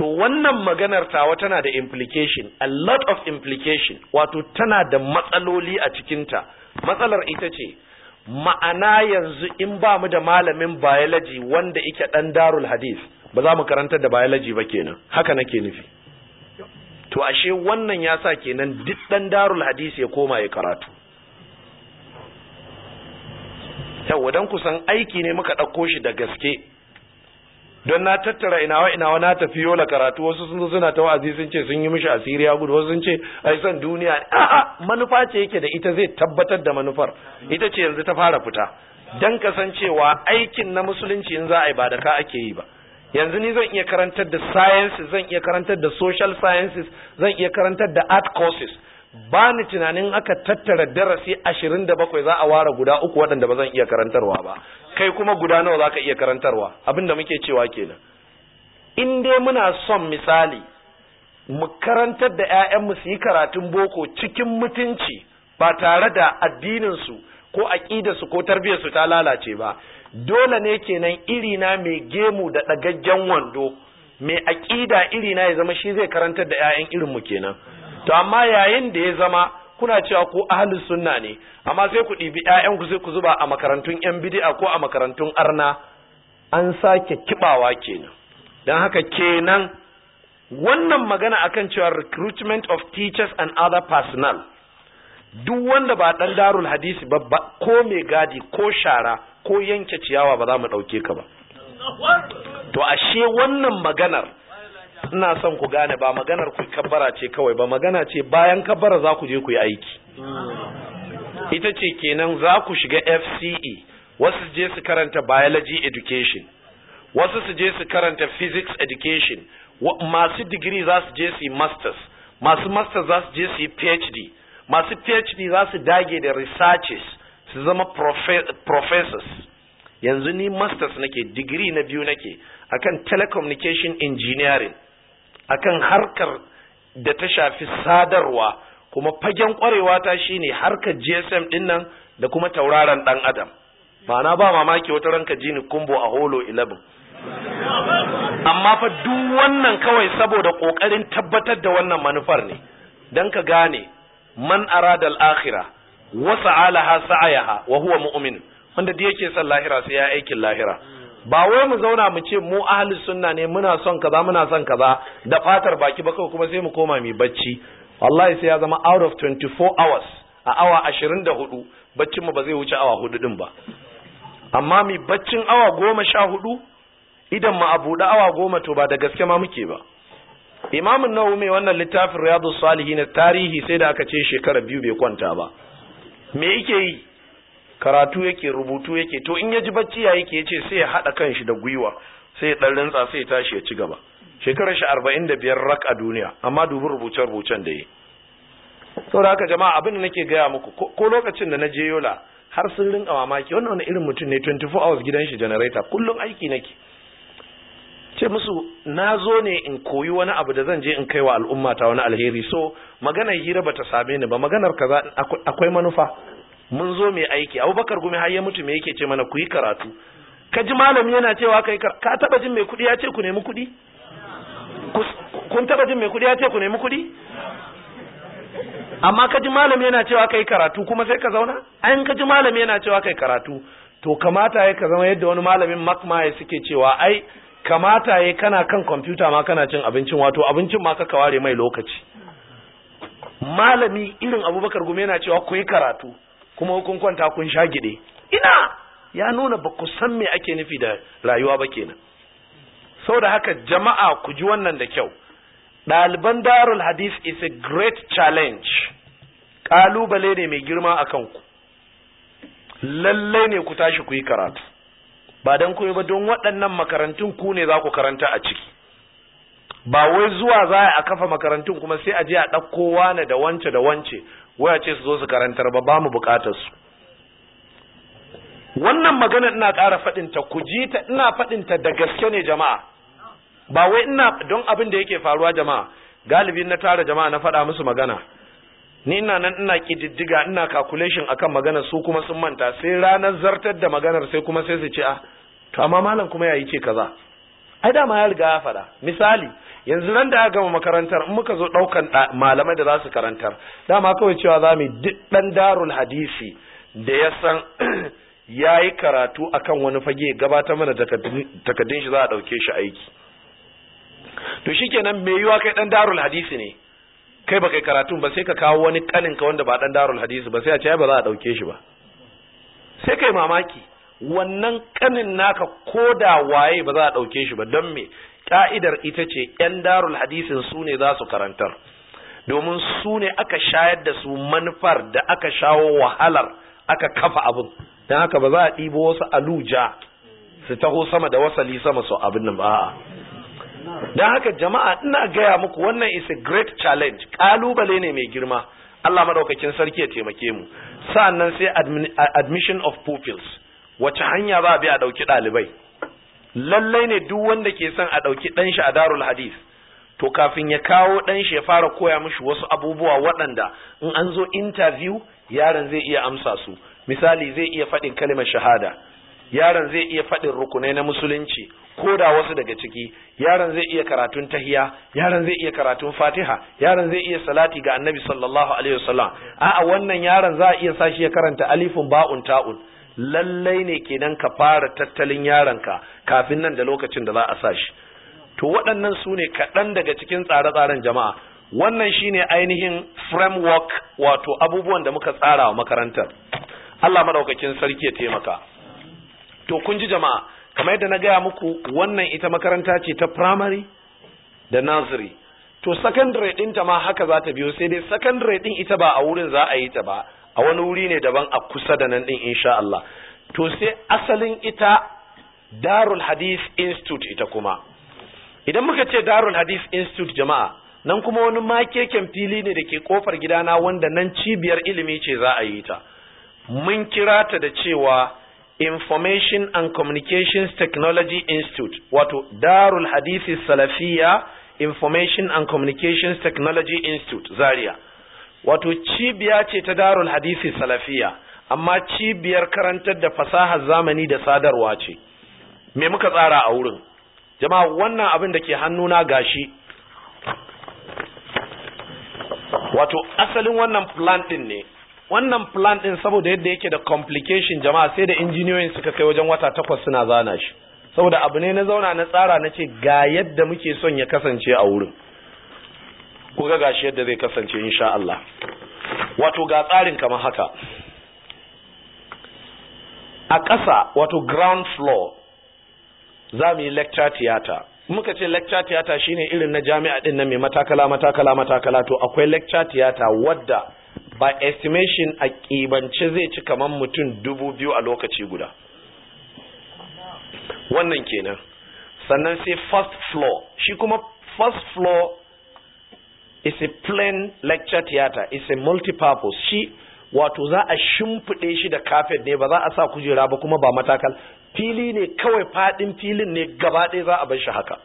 [SPEAKER 1] to wannan maganar tawa tana da implication a lot of implication wato tana da matsaloli a cikinta matsalar ita ce ma'ana yanzu in ba mu da malamin biology wanda ike dan darul hadith ba za mu karanta da biology ba kenan haka nake nufi to ashe wannan ya sa kenan duk dan darul hadith ya koma ya karatu yau wadan kusan aiki ne muka ɗauko shi da gaske don na tattara inawa inawa na tafi yola karatu wasu sun suna ta wa'azi sun ce sun yi mishi asiri ya gudu wasu sun ce ai san duniya a'a manufa ce yake da ita zai tabbatar da manufar ita ce yanzu ta fara fita dan kasancewa aikin na musulunci in za a yi ba da ka ake yi ba yanzu ni zan iya karantar da sciences zan iya karantar da social sciences zan iya karantar da art courses ba ni tunanin aka tattara darasi ashirin da bakwai za a ware guda uku waɗanda ba zan iya karantarwa ba kai kuma guda nawa za ka iya karantarwa abin da muke cewa kenan in dai muna son misali mu karantar da 'ya'yanmu su yi karatun boko cikin mutunci ba tare da addininsu ko su ko tarbiyyarsu ta lalace ba dole ne kenan irina mai gemu da ɗagaggen wando mai aƙida irina ya zama shi zai karantar da 'ya'yan irinmu kenan to amma yayin da ya zama kuna cewa ko ahli sunna ne amma sai ku ɗibi ƴaƴan ku sai ku zuba a makarantun 'yan bid'a ko a makarantun arna an sake kibawa kenan dan haka kenan wannan magana akan cewa recruitment of teachers and other personnel duk wanda ba dan darul hadisi ba ko mai gadi ko shara ko yanke ciyawa ba za mu dauke ka ba to ashe wannan maganar ina son ku gane ba maganar ku kabbara ce kawai ba magana ce bayan kabbara za ku je ku yi aiki ita ce kenan za ku shiga FCE wasu je su karanta biology education wasu su je su karanta physics education masu digiri za su je su yi masters masu masters za su je su yi phd masu phd za su dage da researches su zama professors yanzu ni masters nake digiri na biyu nake akan telecommunication engineering akan harkar da ta shafi sadarwa kuma fagen kwarewa ta shine harkar GSM din nan da kuma tauraron dan adam na ba mamaki wata ranka ji ni kumbo a holo 11 amma fa duk wannan kawai saboda kokarin tabbatar da wannan manufar ne dan ka gane man arada al-akhirah wa sa'alaha sa'ayaha wa huwa mu'min wanda da yake son lahira sai ya aikin lahira ba wai mu zauna mu ce mu ahli sunna ne muna son kaza muna son kaza da fatar baki ba kuma sai mu koma mai bacci wallahi sai ya zama out of 24 hours a awa 24 baccin mu ba zai wuce awa hudu din ba amma mai baccin awa goma sha idan mu a buɗe awa goma to ba da gaske ma muke ba imamun nawu mai wannan littafin Riyadus salihi na tarihi sai da aka ce shekara biyu bai kwanta ba me yake yi karatu yake rubutu yake to in ya ji bacci ya yake ce sai ya hada shi da gwiwa sai ya dan rantsa sai ya tashi ya ci gaba shekarar shi 45 rak a duniya amma dubi rubuce rubucen da yi saboda haka jama'a abin da nake gaya muku ko lokacin da na je yola har sun rinka mamaki wannan wani irin mutum ne 24 hours gidan shi generator kullum aiki nake ce musu na zo ne in koyi wani abu da zan je in kai wa al'umma ta wani alheri so maganar hira bata same ni ba maganar kaza akwai manufa mun zo mai aiki abubakar gumi har ya mutu me yake ce mana ku yi karatu ka ji malami yana cewa ka yi karatu. ka taba jin mai kudi ya ce ku nemi kudi kun taba jin mai kudi ya ce ku nemi kudi amma ka ji malami yana cewa ka yi karatu kuma sai ka zauna an ka ji malami yana cewa ka yi karatu to kamata ya ka zama yadda wani malamin makma ya suke cewa ai kamata ya kana kan kwamfuta ma kana cin abincin wato abincin ma ka ware mai lokaci malami irin abubakar gume yana cewa ku yi karatu kuma kun kwanta kun sha gide ina ya nuna ba ku san me ake nufi da rayuwa ba kenan saboda haka jama'a ku ji wannan da kyau ɗaliban darul hadith is a great challenge ƙalubale ne mai girma a kanku lallai ne ku tashi ku yi karatu ba don kuma ba don waɗannan makarantun ku ne za ku karanta a ciki ba wai zuwa za a kafa makarantun kuma sai a je a ɗauko wane da wance da wance waya ce su zo su karantar ba ba mu bukatar su wannan magana ina ƙara faɗinta ku ji ta ina faɗinta da gaske ne jama'a ba wai ina don abin da yake faruwa jama'a galibi na tara jama'a na faɗa musu magana ni ina nan ina kididdiga ina calculation akan magana su kuma sun manta sai ranar zartar da maganar sai kuma sai su ce a ah, to amma malam kuma yayi ce kaza ai dama ya riga ya faɗa misali yanzu nan da aka gama makarantar in muka zo daukan malamai da za su karantar dama kawai cewa za mu duk dan darul hadisi da ya san ya yi karatu akan wani fage gabatar mana takaddun shi za a dauke shi aiki to shikenan me yiwa kai dan darul hadisi ne kai ba kai karatu ba sai ka kawo wani kanin ka wanda ba dan darul hadisi ba sai a ce ba za a dauke shi ba sai kai mamaki wannan kanin naka koda waye ba za a dauke shi ba don me ka'idar ita ce ‘yan darul hadisin su ne za su karantar domin su ne aka shayar da su manufar da aka shawo wahalar aka kafa abin don haka ba za a ɗibo wasu aluja su taho sama da wasali sama su abin nan ba don haka jama'a ina gaya muku wannan is a great challenge ƙalubale ne mai girma Allah madaukakin sarki ya taimake mu sa'annan sai admission of pupils wace hanya ba a bi a ɗauki ɗalibai lallai ne duk wanda ke son a ɗauki ɗan shi a darul hadis to kafin ya kawo ɗanshi ya fara koya mishi wasu abubuwa waɗanda in an zo interview yaron zai iya amsa su misali zai iya faɗin kalimar shahada yaron zai iya faɗin rukunai na musulunci ko da wasu daga ciki yaron zai iya karatun tahiya yaron zai iya karatun fatiha yaron zai iya salati ga annabi sallallahu alaihi wasallam a'a wannan yaron za a iya sashi ya karanta alifun ba'un ta'un lallai ne kenan ka fara tattalin yaronka kafin nan da lokacin da za a sa shi to waɗannan su ne kaɗan daga cikin tsare-tsaren jama'a wannan shine ainihin framework wato abubuwan da muka tsara wa makarantar Allah madaukakin sarki ya taimaka to kun ji jama'a kamar yadda na gaya muku wannan ita makaranta ce ta primary da nursery to secondary ɗinta ma haka za ta biyo sai dai secondary ɗin ita ba a wurin za a yi ta ba a wani wuri ne daban a kusa da nan din insha Allah to sai asalin ita Darul Hadith Institute ita kuma idan muka ce Darul Hadith Institute jama'a nan kuma wani makeken fili ne da ke kofar gidana wanda nan cibiyar ilimi ce za a yi ta mun kira ta da cewa Information and Communications Technology Institute wato Darul Hadith Salafiyya Information and Communications Technology Institute Zaria wato cibiya ce ta darul hadisi salafiya amma cibiyar karantar da fasahar zamani da sadarwa ce me muka tsara a wurin jama'a wannan abin da ke hannuna gashi wato asalin wannan plan din ne wannan plan din saboda yadda yake da complication jama'a sai da injiniyoyin suka kai wajen wata takwas suna zana shi saboda abu ne na zauna na tsara na ce ga yadda muke son ya kasance a wurin kuga ga gashi yadda zai kasance insha Allah wato ga tsarin kamar haka a ƙasa wato ground floor za mu yi lecture theater muka ce lecture theater shine irin na jami'a din nan mai matakala matakala matakala to akwai lecture theater wadda by estimation a kibance zai ci kamar mutum dubu biyu a lokaci guda wannan kenan sannan sai first floor shi kuma first floor is a plain lecture theater is a multi-purpose shi wato za a shimfiɗe shi da kafet ne ba za a sa kujera ba kuma ba matakal fili ne kawai faɗin filin ne gaba za a bar shi haka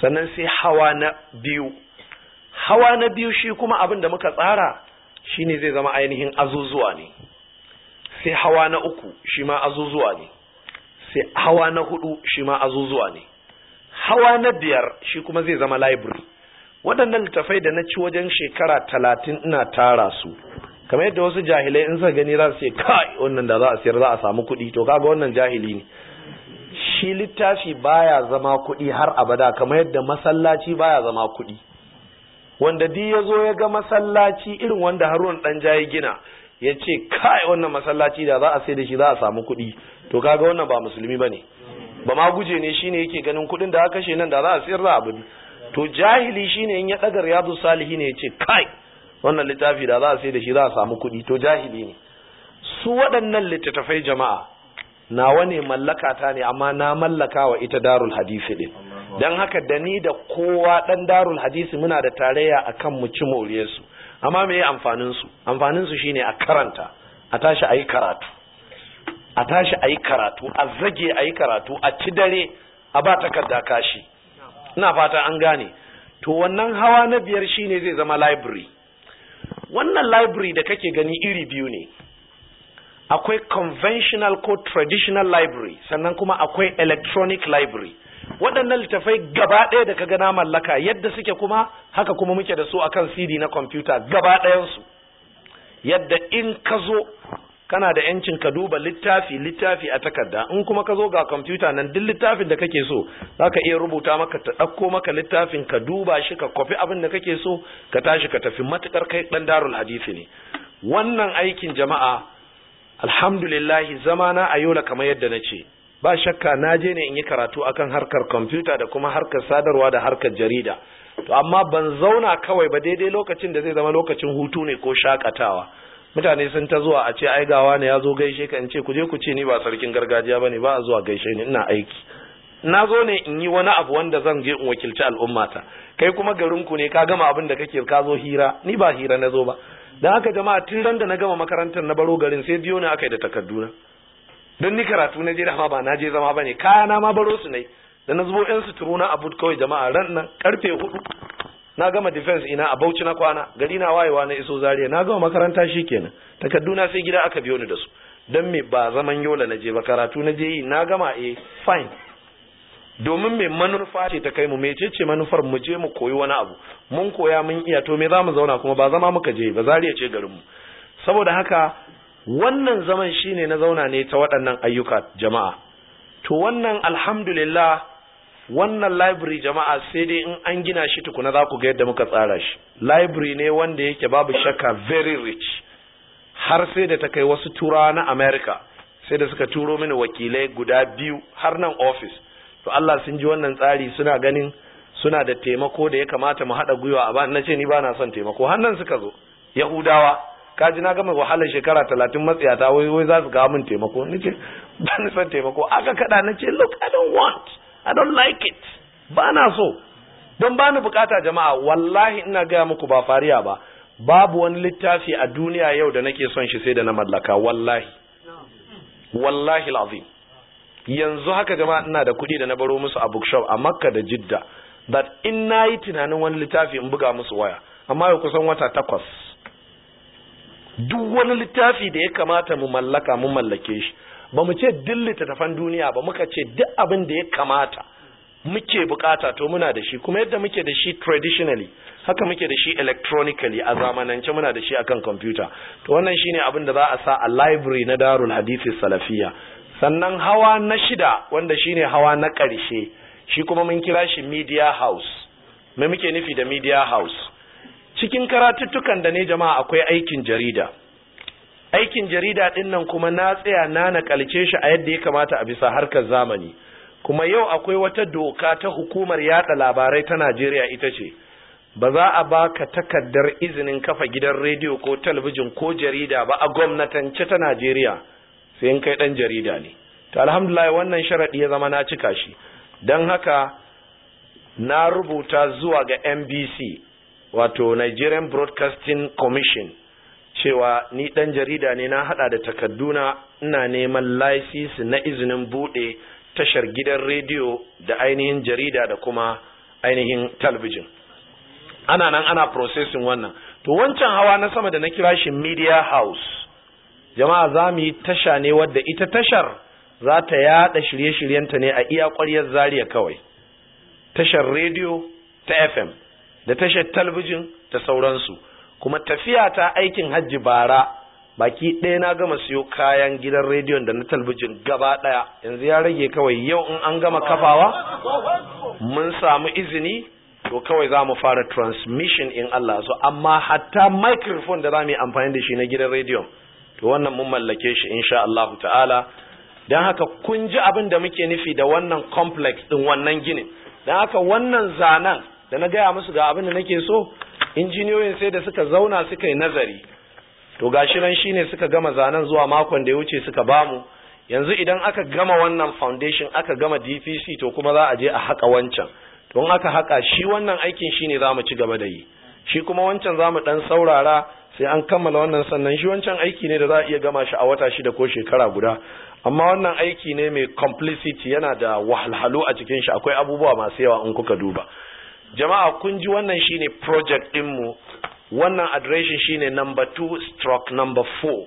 [SPEAKER 1] sannan sai hawa na biyu hawa na biyu shi kuma abin da muka tsara shi ne zai zama ainihin azuzuwa ne sai hawa na uku shi ma azuzuwa ne sai hawa na hudu shi ma azuzuwa ne hawa na biyar shi kuma zai zama library waɗannan littafai da na ci wajen shekara talatin ina tara su kamar yadda wasu jahilai in sa gani za su kai wannan da za a siyar za a samu kuɗi to kaga wannan jahili ne shi littafi baya zama kuɗi har abada kamar yadda masallaci baya zama kuɗi wanda di ya zo ya ga masallaci irin wanda harun ɗan jayi gina ya ce kai wannan masallaci da za a sai da shi za a samu kuɗi to kaga wannan ba musulmi ba ne ba ma guje ne shine yake ganin kuɗin da aka kashe nan da za a sayar za a bi to jahili shine in ya daga riyadu salihi ne ya ce kai wannan littafi da za a sai da shi za a samu kuɗi to jahili ne su waɗannan littattafai jama'a nawa ne mallaka ta ne amma na mallaka wa ita darul hadisi din Don haka da ni da kowa ɗan darul hadisi muna da tarayya akan mu ci moriyarsu amma me amfaninsu amfaninsu. shine a karanta a tashi a yi karatu a tashi a yi karatu a zage a yi karatu a ci dare a ba takarda kashi ina fata an gane to wannan hawa na biyar shine zai zama library wannan library da kake gani iri biyu ne akwai conventional ko traditional library sannan kuma akwai electronic library waɗannan littafai gaba ɗaya da ka na mallaka yadda suke kuma haka kuma muke da su akan cd na kwamfuta gaba ɗayansu yadda in ka zo kana da yancin ka duba littafi littafi a takarda in kuma ka zo ga kwamfuta nan duk littafin da kake so za ka iya rubuta maka ta ɗauko maka littafin ka duba shi ka kwafi abin da kake so ka tashi ka tafi matuƙar kai ɗan darul hadisi ne wannan aikin jama'a alhamdulillahi na a yola kamar yadda na ce ba shakka na je ne in yi karatu akan harkar kwamfuta da kuma harkar sadarwa da harkar jarida to amma ban zauna kawai ba daidai lokacin da zai zama lokacin hutu ne ko shakatawa mutane sun ta zuwa a ce ai gawa ne ya zo gaishe ka in ce ku je ku ce ni ba sarkin gargajiya ba ba a zuwa gaishe ni ina aiki na zo ne in yi wani abu wanda zan je in wakilci al'ummata kai kuma garin ku ne ka gama abin da kake ka zo hira ni ba hira na zo ba dan haka jama'a tun ran da na gama makarantar na baro garin sai biyo ne aka da takarduna don ni karatu na je dama ba na je zama ba ne kaya na ma baro su ne da na zubo yan suturu na Abud kawai jama'a ran nan karfe hudu na gama defense ina a Bauchi na kwana gari na wayewa na iso Zariya. na gama makaranta shikenan takarduna sai gida aka biyo ni da su dan me ba zaman yola na je ba karatu na je yi na gama eh fine domin me manufa ce ta kai mu me ce manufar mu je mu koyi wani abu mun koya mun iya to me za mu zauna kuma ba zama muka je ba Zariya ce garin mu saboda haka wannan zaman shine na zauna ne ta waɗannan ayyuka jama'a to wannan alhamdulillah wannan library jama'a sai dai in an gina shi tukuna za ku ga yadda muka tsara shi library ne wanda yake babu shakka very rich har sai da ta kai wasu turawa na america sai da suka turo mini wakilai guda biyu har nan office to Allah sun ji wannan tsari suna ganin suna da taimako da ya kamata mu haɗa gwiwa a na ce ni ba na son taimako hannan suka zo yahudawa kaji na gama wahalar shekara talatin matsiyata wai wai za su kawo min taimako ni ce son taimako aka kaɗa na look I don't want I don't like it ba na so don ba ni bukata jama'a wallahi ina gaya muku ba fariya ba babu wani littafi a duniya yau da nake son shi sai da na mallaka wallahi wallahi lazim yanzu haka jama'a ina da kuɗi da na baro musu a bookshop a makka da jidda that in na yi tunanin wani littafi in buga musu waya amma yau kusan wata takwas duk wani littafi da ya kamata mu mallaka mu mallake shi ba mu ce duk littattafan duniya ba muka ce duk abin da ya kamata muke bukata to muna da shi kuma yadda muke da shi traditionally haka muke da shi electronically a zamanance muna da shi akan computer to wannan shine abin da za a sa a library na Darul Hadisi Salafiya sannan hawa na shida wanda shine hawa na karshe shi kuma mun kira shi media house me muke nufi da media house cikin karatuttukan da ne jama'a akwai aikin jarida aikin jarida dinnan kuma na tsaya na nakalce shi a yadda ya kamata a bisa harkar zamani kuma yau akwai wata doka ta hukumar yada labarai ta Najeriya ita ce ba za a baka takardar izinin kafa gidan rediyo ko talabijin ko jarida ba a gwamnatance ta Najeriya sai in kai dan jarida ne to alhamdulillah wannan sharaɗi ya zama na cika shi dan haka na rubuta zuwa ga NBC wato Nigerian Broadcasting Commission cewa ni dan jarida ne na hada da takadduna ina neman lasisi na izinin bude tashar gidan rediyo da ainihin jarida da kuma ainihin talbijin ana nan ana processing wannan to wancan hawa na sama da na kira shi media house jama'a za mu yi tasha ne wadda ita tashar za ta yada shirye-shiryenta ne a iya ƙwaryar zariya kawai tashar rediyo ta fm da tashar talabijin ta sauransu kuma tafiya ta aikin hajji bara baki ɗaya na gama siyo kayan gidan rediyon da na talbijin gaba ɗaya yanzu ya rage kawai yau in an gama kafawa mun samu izini to kawai za mu fara transmission in Allah so amma hatta microphone da za mu yi amfani da shi na gidan rediyon to wannan mun mallake shi insha Allah ta'ala don haka kun ji abin da muke nufi da wannan complex din wannan ginin don haka wannan zanen da na gaya musu ga abin da nake so injiniyoyin sai da suka zauna suka yi nazari to gashi nan shine suka gama zanen zuwa makon da ya wuce suka bamu yanzu idan aka gama wannan foundation aka gama DPC to kuma za a je a haka wancan to in aka haka shi wannan aikin shine zamu ci gaba da yi shi kuma wancan zamu dan saurara sai an kammala wannan sannan shi wancan aiki ne da za a iya gama shi a wata shida ko shekara guda amma wannan aiki ne mai complicity yana da wahalhalu a cikin shi akwai abubuwa masu yawa in kuka duba jama'a kun ji wannan shine project mu wannan adireshin shine number 2 stroke number 4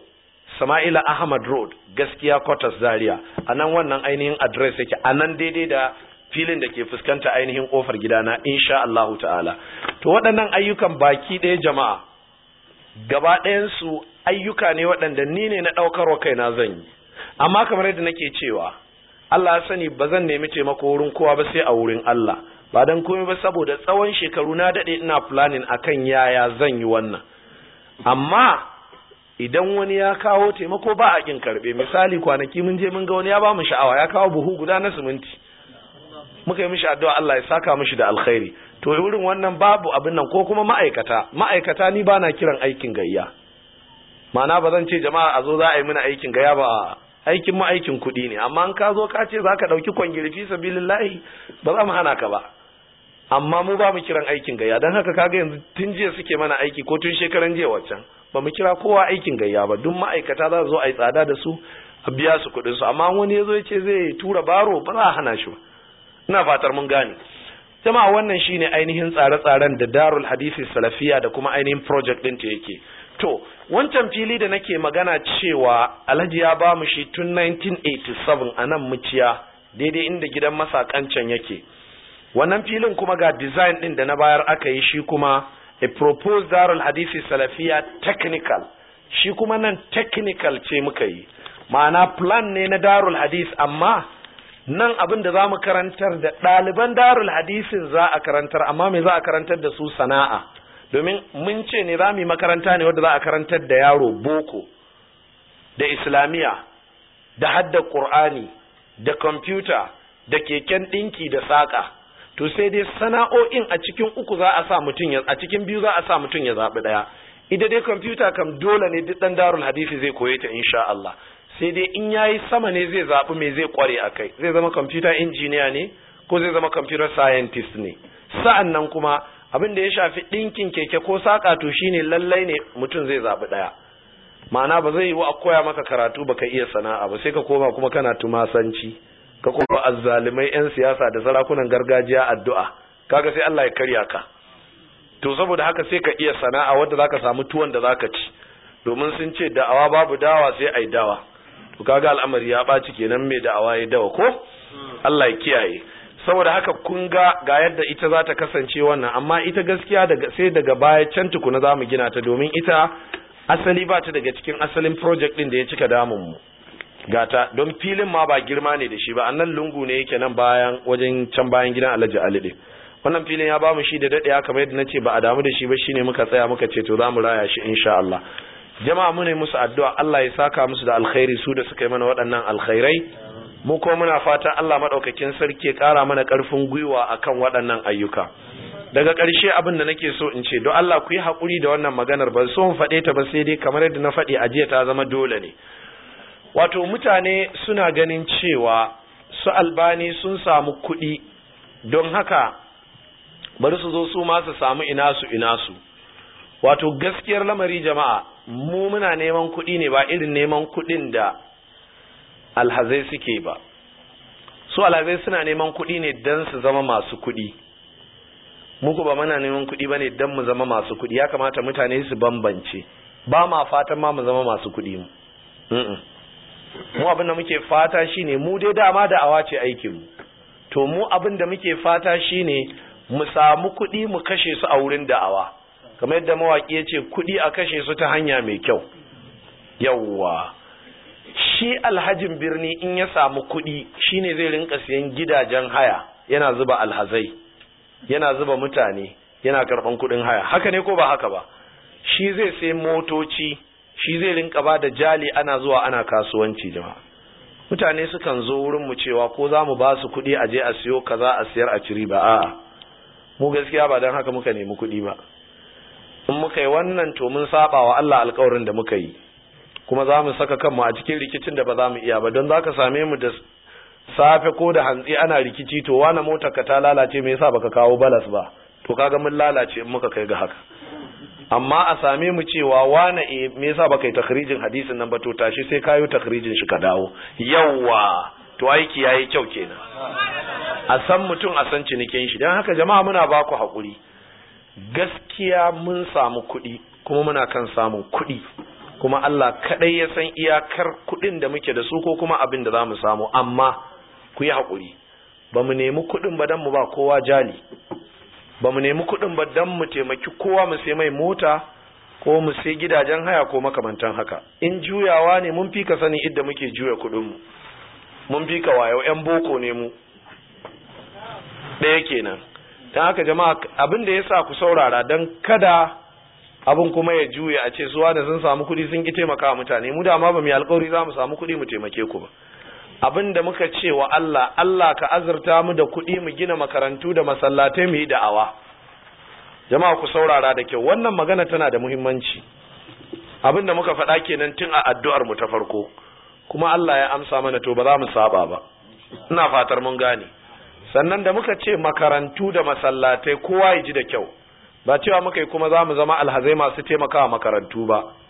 [SPEAKER 1] sama'ila ahmad road gaskiya quarters zaria a nan wannan ainihin adres yake a nan daidai da filin da ke fuskanta ainihin kofar gidana insha Allah ta'ala to waɗannan ayyukan baki ɗaya jama'a gaba ɗayansu ayyuka ne waɗanda ni ne na ɗaukarwa kaina zan yi amma kamar yadda nake cewa Allah ya sani ba zan nemi taimako wurin kowa ba sai a wurin Allah ba don komai ba saboda tsawon shekaru na daɗe ina planning akan yaya zan yi wannan amma idan wani ya kawo taimako ba a kin karbe misali kwanaki mun je mun ga wani ya ba mu sha'awa ya kawo buhu guda na siminti muka yi mishi addu'a Allah ya saka mishi da alkhairi to wurin wannan babu abin nan ko kuma ma'aikata ma'aikata ni bana kiran aikin gayya ma'ana ba zan ce jama'a a zo za a yi mana aikin gayya ba aikin mu aikin kuɗi ne amma in ka zo ka ce za ka ɗauki kwangirfi sabilillahi ba za mu hana ka ba amma mu ba mu kiran aikin gayya don haka kaga yanzu tun jiya suke mana aiki ko tun shekaran jiya waccan ba mu kira kowa aikin gayya ba duk ma'aikata za zo a yi tsada da su a biya su kuɗin su amma wani ya zo ya ce zai tura baro ba za a hana shi ba ina fatar mun gane jama'a wannan shine ainihin tsare-tsaren da darul hadisi salafiya da kuma ainihin project ɗin ta yake to wancan fili da nake magana cewa alhaji ya ba mu shi tun 1987 a nan muciya daidai inda gidan masakancan yake wannan filin kuma ga design din da na bayar aka yi shi kuma a proposed darul hadisi salafiya technical shi kuma nan technical ce muka yi ma'ana plan ne na darul hadis amma nan abin da za mu karantar da ɗaliban darul hadisin za a karantar amma me za a karantar da su sana'a domin mun ce ne za mu makaranta ne wadda za a karantar da yaro boko da islamiyya da hadda ƙur'ani da kwamfuta da keken ɗinki da saƙa to sai dai sana'o'in a cikin uku za a sa mutum ya a cikin biyu za a sa mutum ya zaɓi ɗaya ita dai kwamfuta kam dole ne duk ɗan darul hadisi zai koye ta insha Allah sai dai in yayi sama ne zai zaɓi me zai kware a kai zai zama kwamfuta injiniya ne ko zai zama computer scientist ne sa'an nan kuma abin da ya shafi ɗinkin keke ko saƙa to shine lallai ne mutum zai zaɓi ɗaya ma'ana ba zai yi wa a koya maka karatu baka iya sana'a ba sai ka koma kuma kana tumasanci ka kuma azzalimai yan siyasa da sarakunan gargajiya addu'a kaga sai Allah ya karya ka to saboda haka sai ka iya sana'a wanda zaka samu tuwon da zaka ci domin sun ce da'awa babu dawa sai ai dawa to kaga al'amari ya baci kenan mai da'awa ya dawa ko Allah ya kiyaye saboda haka kun ga ga yadda ita za ta kasance wannan amma ita gaskiya daga sai daga baya can tukuna zamu gina ta domin ita asali ba ta daga cikin asalin project din da ya cika damun mu gata don filin ma ba girma ne da shi ba annan lungu ne yake nan bayan wajen can bayan gidan alhaji alide wannan filin ya ba mu shi da daɗe kamar yadda nace ba a damu da shi ba shine muka tsaya muka ce to zamu raya shi insha Allah jama'a mu ne musu addu'a Allah ya saka musu da alkhairi su da suka yi mana waɗannan alkhairai mu ko muna fata Allah madaukakin sarki ya ƙara mana ƙarfin gwiwa akan waɗannan ayyuka daga ƙarshe abin da nake so in ce don Allah ku yi haƙuri da wannan maganar ban so mu faɗe ta ba sai dai kamar yadda na faɗi a jiya ta zama dole ne wato mutane suna ganin cewa su albani sun samu kuɗi don haka bari su zo su ma su samu ina su ina su wato gaskiyar lamari jama'a mu muna neman kuɗi ne ba irin neman kuɗin da alhazai suke ba su alhazai suna neman kuɗi ne don su zama masu kuɗi muku ba muna neman kuɗi ba ne don mu zama masu kuɗi ya kamata mutane su bambance ba ma fatan ma mu zama masu kuɗi mu mu abin da muke fata shine mu dai dama da awa ce aikin mu to mu abin da muke fata shine mu samu kuɗi mu kashe su a wurin da'awa kamar yadda mawaki yace, kudi kuɗi a kashe su ta hanya mai kyau yawwa shi alhajin birni in ya samu kuɗi shine zai rinka siyan gidajen haya yana zuba alhazai yana zuba mutane yana karban kuɗin haya haka ne ko ba haka ba shi zai sai motoci shi zai rinka ba da jali ana zuwa ana kasuwanci jama'a mutane sukan zo wurin mu cewa ko za mu ba su kuɗi a je a siyo kaza a siyar a ciri ba a'a mu gaskiya ba don haka muka nemi kuɗi ba in muka yi wannan to mun saba wa Allah alƙawarin da muka yi kuma za mu saka kanmu a cikin rikicin da ba za mu iya ba don za ka same mu da safe ko da hantsi ana rikici to wani motar ka ta lalace me yasa baka kawo balas ba to kaga mun lalace in muka kai ga haka amma a same mu cewa wane e me yasa baka yi takhrijin hadisin nan ba to tashi sai kayo takhrijin shi ka dawo yawa to aiki yayi kyau kenan a san mutum a san cinikin shi dan haka jama'a muna ba ku hakuri gaskiya mun samu kuɗi kuma muna kan samun kuɗi kuma Allah kadai ya san iyakar kuɗin da muke da su ko kuma abin da za mu samu amma ku yi hakuri ba mu nemi kuɗin ba dan mu ba kowa jali ba mu nemi kuɗin ba dan mu taimaki kowa mu sai mai mota ko mu sai gidajen haya ko makamantan haka in juyawa ne mun fika sani idda muke juya kuɗinmu mun fika wayo 'yan boko ne mu ɗaya kenan don haka jama'a abin da ya sa ku saurara dan kada abin kuma ya juya a ce zuwa da sun samu kuɗi sun ki taimaka mutane mu da ma ba mu yi alkawari za mu samu kuɗi mu taimake ku ba abin da muka ce wa Allah Allah ka azurta mu da kuɗi mu gina makarantu da masallatai mu yi da'awa jama'a ku saurara da kyau wannan magana tana da muhimmanci abin da muka faɗa kenan tun a addu'ar mu ta farko kuma Allah ya amsa mana to ba za mu saba ba ina fatar mun gane sannan da muka ce makarantu da masallatai kowa ya ji da kyau ba cewa muka yi kuma za mu zama alhazai masu taimakawa makarantu ba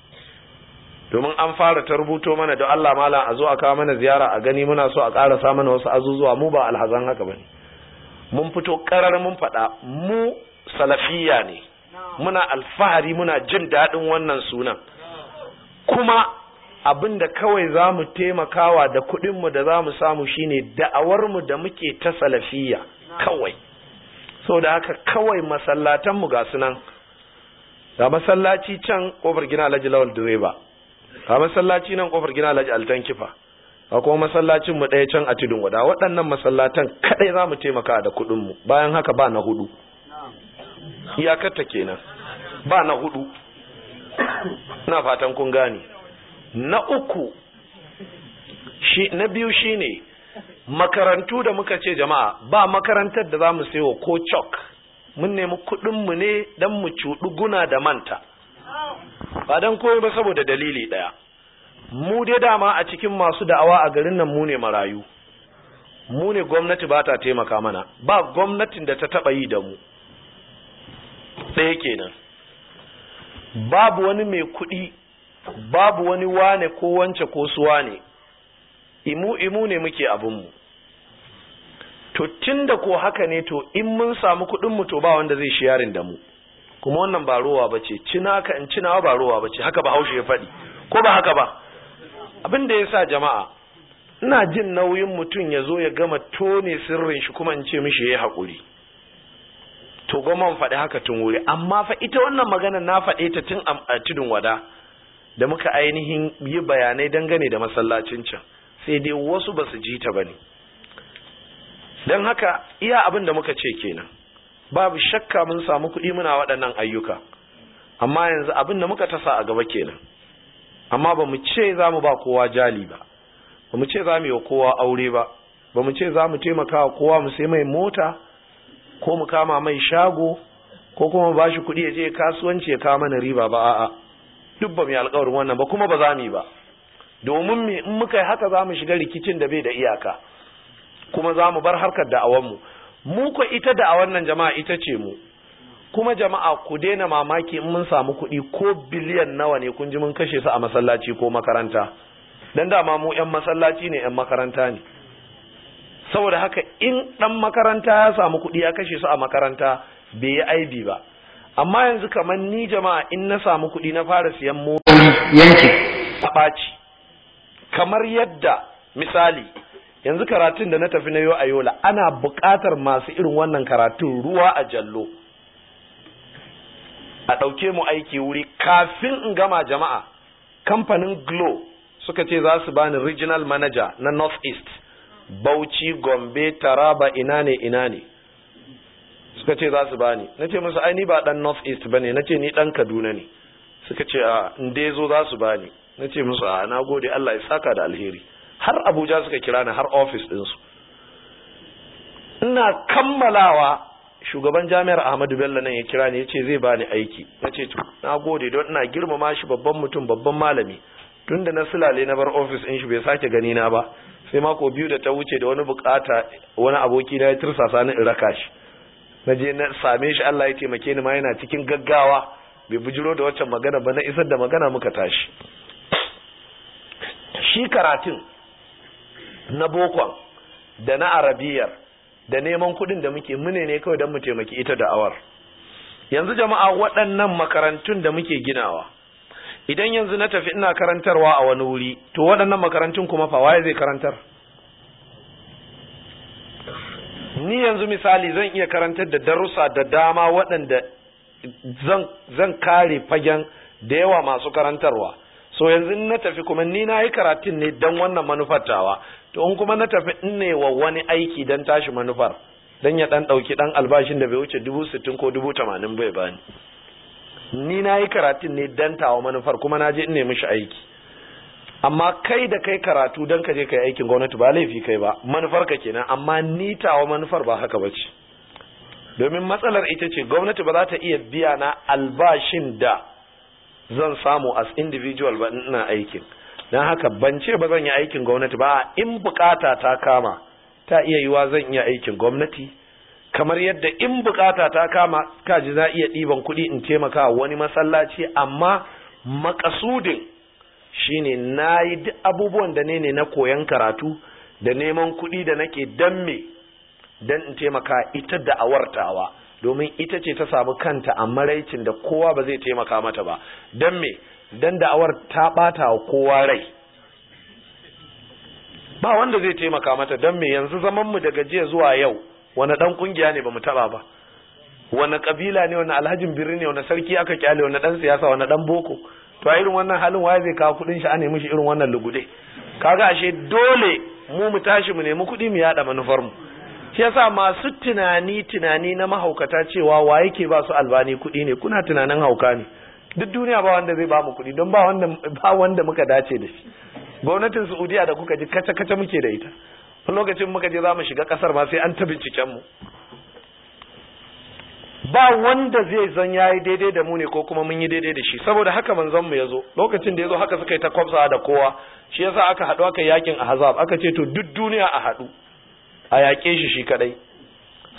[SPEAKER 1] domin an fara ta rubuto mana da Allah malam a zo a kawo mana ziyara a gani muna so a ƙarasa mana wasu azuzuwa mu ba alhazan haka bane mun fito karar mun faɗa mu salafiya ne muna alfahari muna jin daɗin wannan sunan kuma abin da kawai za mu taimakawa da mu da za mu samu shine da'awarmu da muke ta salafiya kawai so da haka kawai masallatanmu ga sunan ga masallaci can ƙofar gina alhaji lawal direba a masallaci nan kofar gina alhaji altanki fa a kuma masallacin mu ɗaya can a tudun wada waɗannan masallatan kaɗai za mu taimaka da kuɗin mu bayan haka ba na hudu iyakar ta kenan ba na hudu ina fatan kun gane na uku shi na biyu shine makarantu da muka ce jama'a ba makarantar da za mu sayo ko chok mun nemi kuɗin mu ne dan mu cudu guna da manta ba dan komai ba saboda dalili daya mu dai dama a cikin masu da'awa a garin nan mu ne marayu mu ne gwamnati ba ta taimaka mana ba gwamnatin da ta taba yi da mu ɗaya kenan babu wani mai kuɗi babu wani wane ko wance ko suwa ne imu imu ne muke mu. to tun ko haka ne to in mun samu mu to ba wanda zai shiyarin da mu kuma wannan ba ruwa bace cina ka in cinawa ba rowa bace haka ba haushe ya faɗi ko ba haka ba abin da sa jama'a ina jin nauyin mutum ya zo ya gama tone sirrin shi kuma in ce mishi yayi hakuri to goma faɗi haka tun wuri amma fa ita wannan magana na faɗe ta tun a tudun wada da muka ainihin yi bayanai dangane da masallacin can sai dai wasu ba su ji ta ba ne don haka iya abin da muka ce kenan babu shakka mun samu kuɗi muna waɗannan ayyuka amma yanzu abin da muka tasa a gaba kenan amma ba mu ce za mu ba kowa jali ba ba mu ce za mu yi wa kowa aure ba ba mu ce za mu taimaka wa kowa mu sai mai mota ko mu kama mai shago ko kuma ba shi kuɗi ya je kasuwanci ya kama na riba ba a'a duk ba mu yi alƙawarin wannan ba kuma ba za mu yi ba domin me in muka yi haka za mu shiga rikicin da bai da iyaka kuma za mu bar harkar mu. mu ko ita da a wannan jama'a ita ce mu kuma jama'a ku daina mamaki in mun samu kuɗi ko biliyan nawa ne kun ji mun kashe su a masallaci ko makaranta dan dama mu yan masallaci ne yan makaranta ne saboda haka in ɗan makaranta ya samu kuɗi ya kashe su a makaranta bai yi aibi ba amma yanzu kamar ni jama'a in na samu kuɗi na fara siyan mota. yanki a ɓaci kamar yadda misali yanzu karatun da na tafi na yau a yola ana buƙatar masu irin wannan karatun ruwa a jallo a ɗauke mu aiki wuri kafin in gama jama'a kamfanin glo suka ce za su bani regional manager na north east bauchi gombe taraba ina ne ina ne suka ce za su bani na ce musu ai ni ba dan north east ba ne. na ce ni dan kaduna ne suka ce a inda zo za su bani na ce musu a na gode allah ya saka da alheri har abuja suka kira ni har ofis ɗinsu ina kammalawa shugaban jami'ar ahmadu bello nan ya kira ni ya ce zai bani aiki na ce na gode don ina girmama shi babban mutum babban malami Tunda na silale na bar ofis ɗin shi bai sake gani na ba sai mako biyu da ta wuce da wani bukata wani aboki na ya tursasa ni in raka shi na je na same shi Allah ya taimake ni ma yana cikin gaggawa bai bujiro da waccan magana ba na isar da magana muka tashi shi karatun na bokon da na arabiyar da neman kudin da muke mune ne kawai don mu taimaki ita da awar yanzu jama'a waɗannan makarantun da muke ginawa idan yanzu na tafi ina karantarwa a wani wuri to waɗannan makarantun kuma fa waye zai karantar ni yanzu misali zan iya karantar da darussa da dama waɗanda zan kare fagen da yawa masu karantarwa so yanzu na tafi kuma ni na yi karatun ne don wannan manufar tawa to in kuma na tafi in ne wa wani aiki don tashi manufar don ya dan ɗauki ɗan albashin da bai wuce dubu sittin ko dubu tamanin bai bani ni na yi karatun ne don tawa manufar kuma na je in ne mishi aiki amma kai da kai karatu don ka je ka yi aikin gwamnati ba laifi kai ba manufar ka kenan amma ni tawa manufar ba haka bace domin matsalar ita ce gwamnati ba za ta iya biya na albashin da zan samu as individual ba ina aikin don haka ban ce ba zan yi aikin gwamnati ba in bukata ta kama ta iya yiwa zan iya aikin gwamnati kamar yadda in bukata ta kama kaji za iya ɗiban kuɗi in taimaka wani masallaci amma makasudin shine na yi duk abubuwan da ne ne na koyan karatu da neman kuɗi da nake don me don in taimaka ita da awartawa. domin ita ce ta samu kanta a maraicin da kowa ba zai taimaka mata ba don me don da'awar ta bata wa kowa rai ba wanda zai taimaka mata don me yanzu zamanmu daga jiya zuwa yau wani dan kungiya ne ba mu taba ba wani kabila ne wani alhajin birni ne wani sarki aka kyale wani dan siyasa wani dan boko to a irin wannan halin waye zai kawo kudin shi a nemi shi irin wannan lugude kaga ashe dole mu mu tashi mu nemi kudi mu yada manufarmu. shi yasa masu tunani tunani na mahaukata cewa wa yake ba su albani kuɗi ne kuna tunanin hauka ne duk duniya ba wanda zai ba mu kuɗi don ba wanda muka dace da shi gwamnatin Saudiya da kuka ji kaca kaca muke da ita lokacin muka je za mu shiga kasar ma sai an ta binciken mu ba wanda zai zan yayi daidai da mu ne ko kuma mun yi daidai da shi saboda haka manzon mu ya zo, lokacin da ya zo haka suka yi ta kwamsa da kowa shi yasa aka haɗu aka yakin hazab aka ce to duk duniya a haɗu a yaƙe shi shi kadai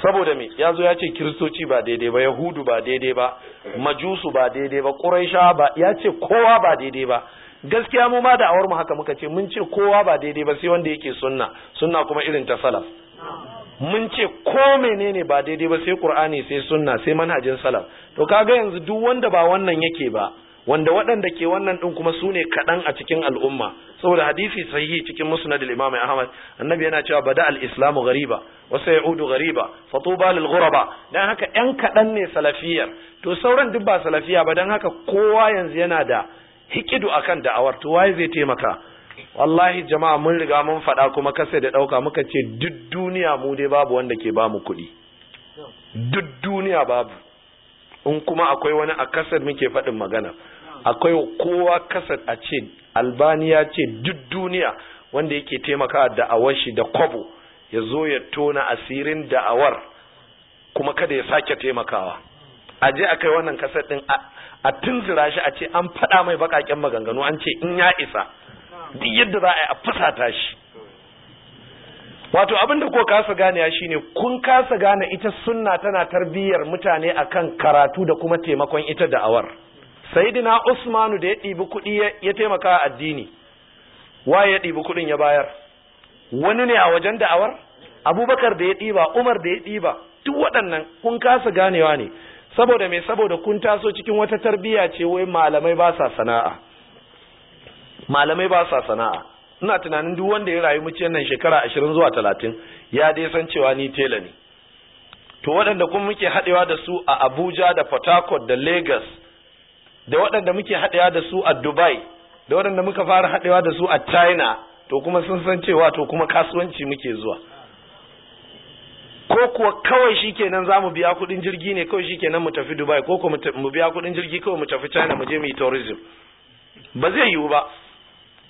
[SPEAKER 1] saboda me ya zo ya ce kiristoci ba daidai ba yahudu ba daidai ba majusu ba daidai ba ƙuraisha ba ya ce kowa ba daidai ba gaskiya mu ma da awar mu haka muka ce mun ce kowa ba daidai ba sai wanda yake sunna sunna kuma irin ta salaf mun ce ko menene ba daidai ba sai qur'ani sai sunna sai manhajin salaf to kaga yanzu duk wanda ba wannan yake ba wanda waɗanda ke wannan ɗin kuma su ne kaɗan a cikin al'umma saboda hadisi sahihi cikin musnad imam ahmad annabi yana cewa bada al’islamu islamu ghariba wa sayudu ghariba fa tuba lil ghuraba dan haka ɗan kaɗan ne salafiyar to sauran duk ba salafiya ba dan haka kowa yanzu yana da hikidu akan da'awar to waye zai taimaka wallahi jama'a mun riga mun faɗa kuma kasai da ɗauka muka ce duk duniya mu dai babu wanda ke ba mu kuɗi duk duniya babu in kuma akwai wani a kasar muke faɗin magana akwai kowa kasa a ce albaniya ce duk duniya wanda yake taimaka da awashi da kwabo ya zo ya tona asirin da'awar kuma kada ya sake taimakawa a je a kai wannan kasar din a tunzura shi a ce an faɗa mai baƙaƙen maganganu an ce in ya isa duk yadda za a yi a fusata shi wato abinda da ko kasa shi shine kun kasa gane ita sunna tana tarbiyyar mutane akan karatu da kuma taimakon ita da'awar sayyidina usmanu da ya ɗibi kuɗi ya taimaka a addini waye ya ɗibi kuɗin ya bayar wani ne a wajen da'awar abubakar da ya ɗiba umar da ya ɗiba duk waɗannan kun kasa ganewa ne saboda mai saboda kun taso cikin wata tarbiyya ce wai malamai ba sa sana'a malamai ba sa sana'a ina tunanin duk wanda ya rayu muke nan shekara ashirin zuwa talatin? ya dai san cewa ni tela ne to waɗanda kun muke haɗewa da su a Abuja da Port da Lagos da waɗanda muke haɗewa da su a Dubai da waɗanda muka fara haɗewa da su a China to kuma sun san cewa to kuma kasuwanci muke zuwa ko kuwa kawai shi za mu biya kuɗin jirgi ne kawai shi kenan mu tafi Dubai ko kuma mu biya kuɗin jirgi kawai mu tafi China mu je mu yi tourism ba zai yiwu ba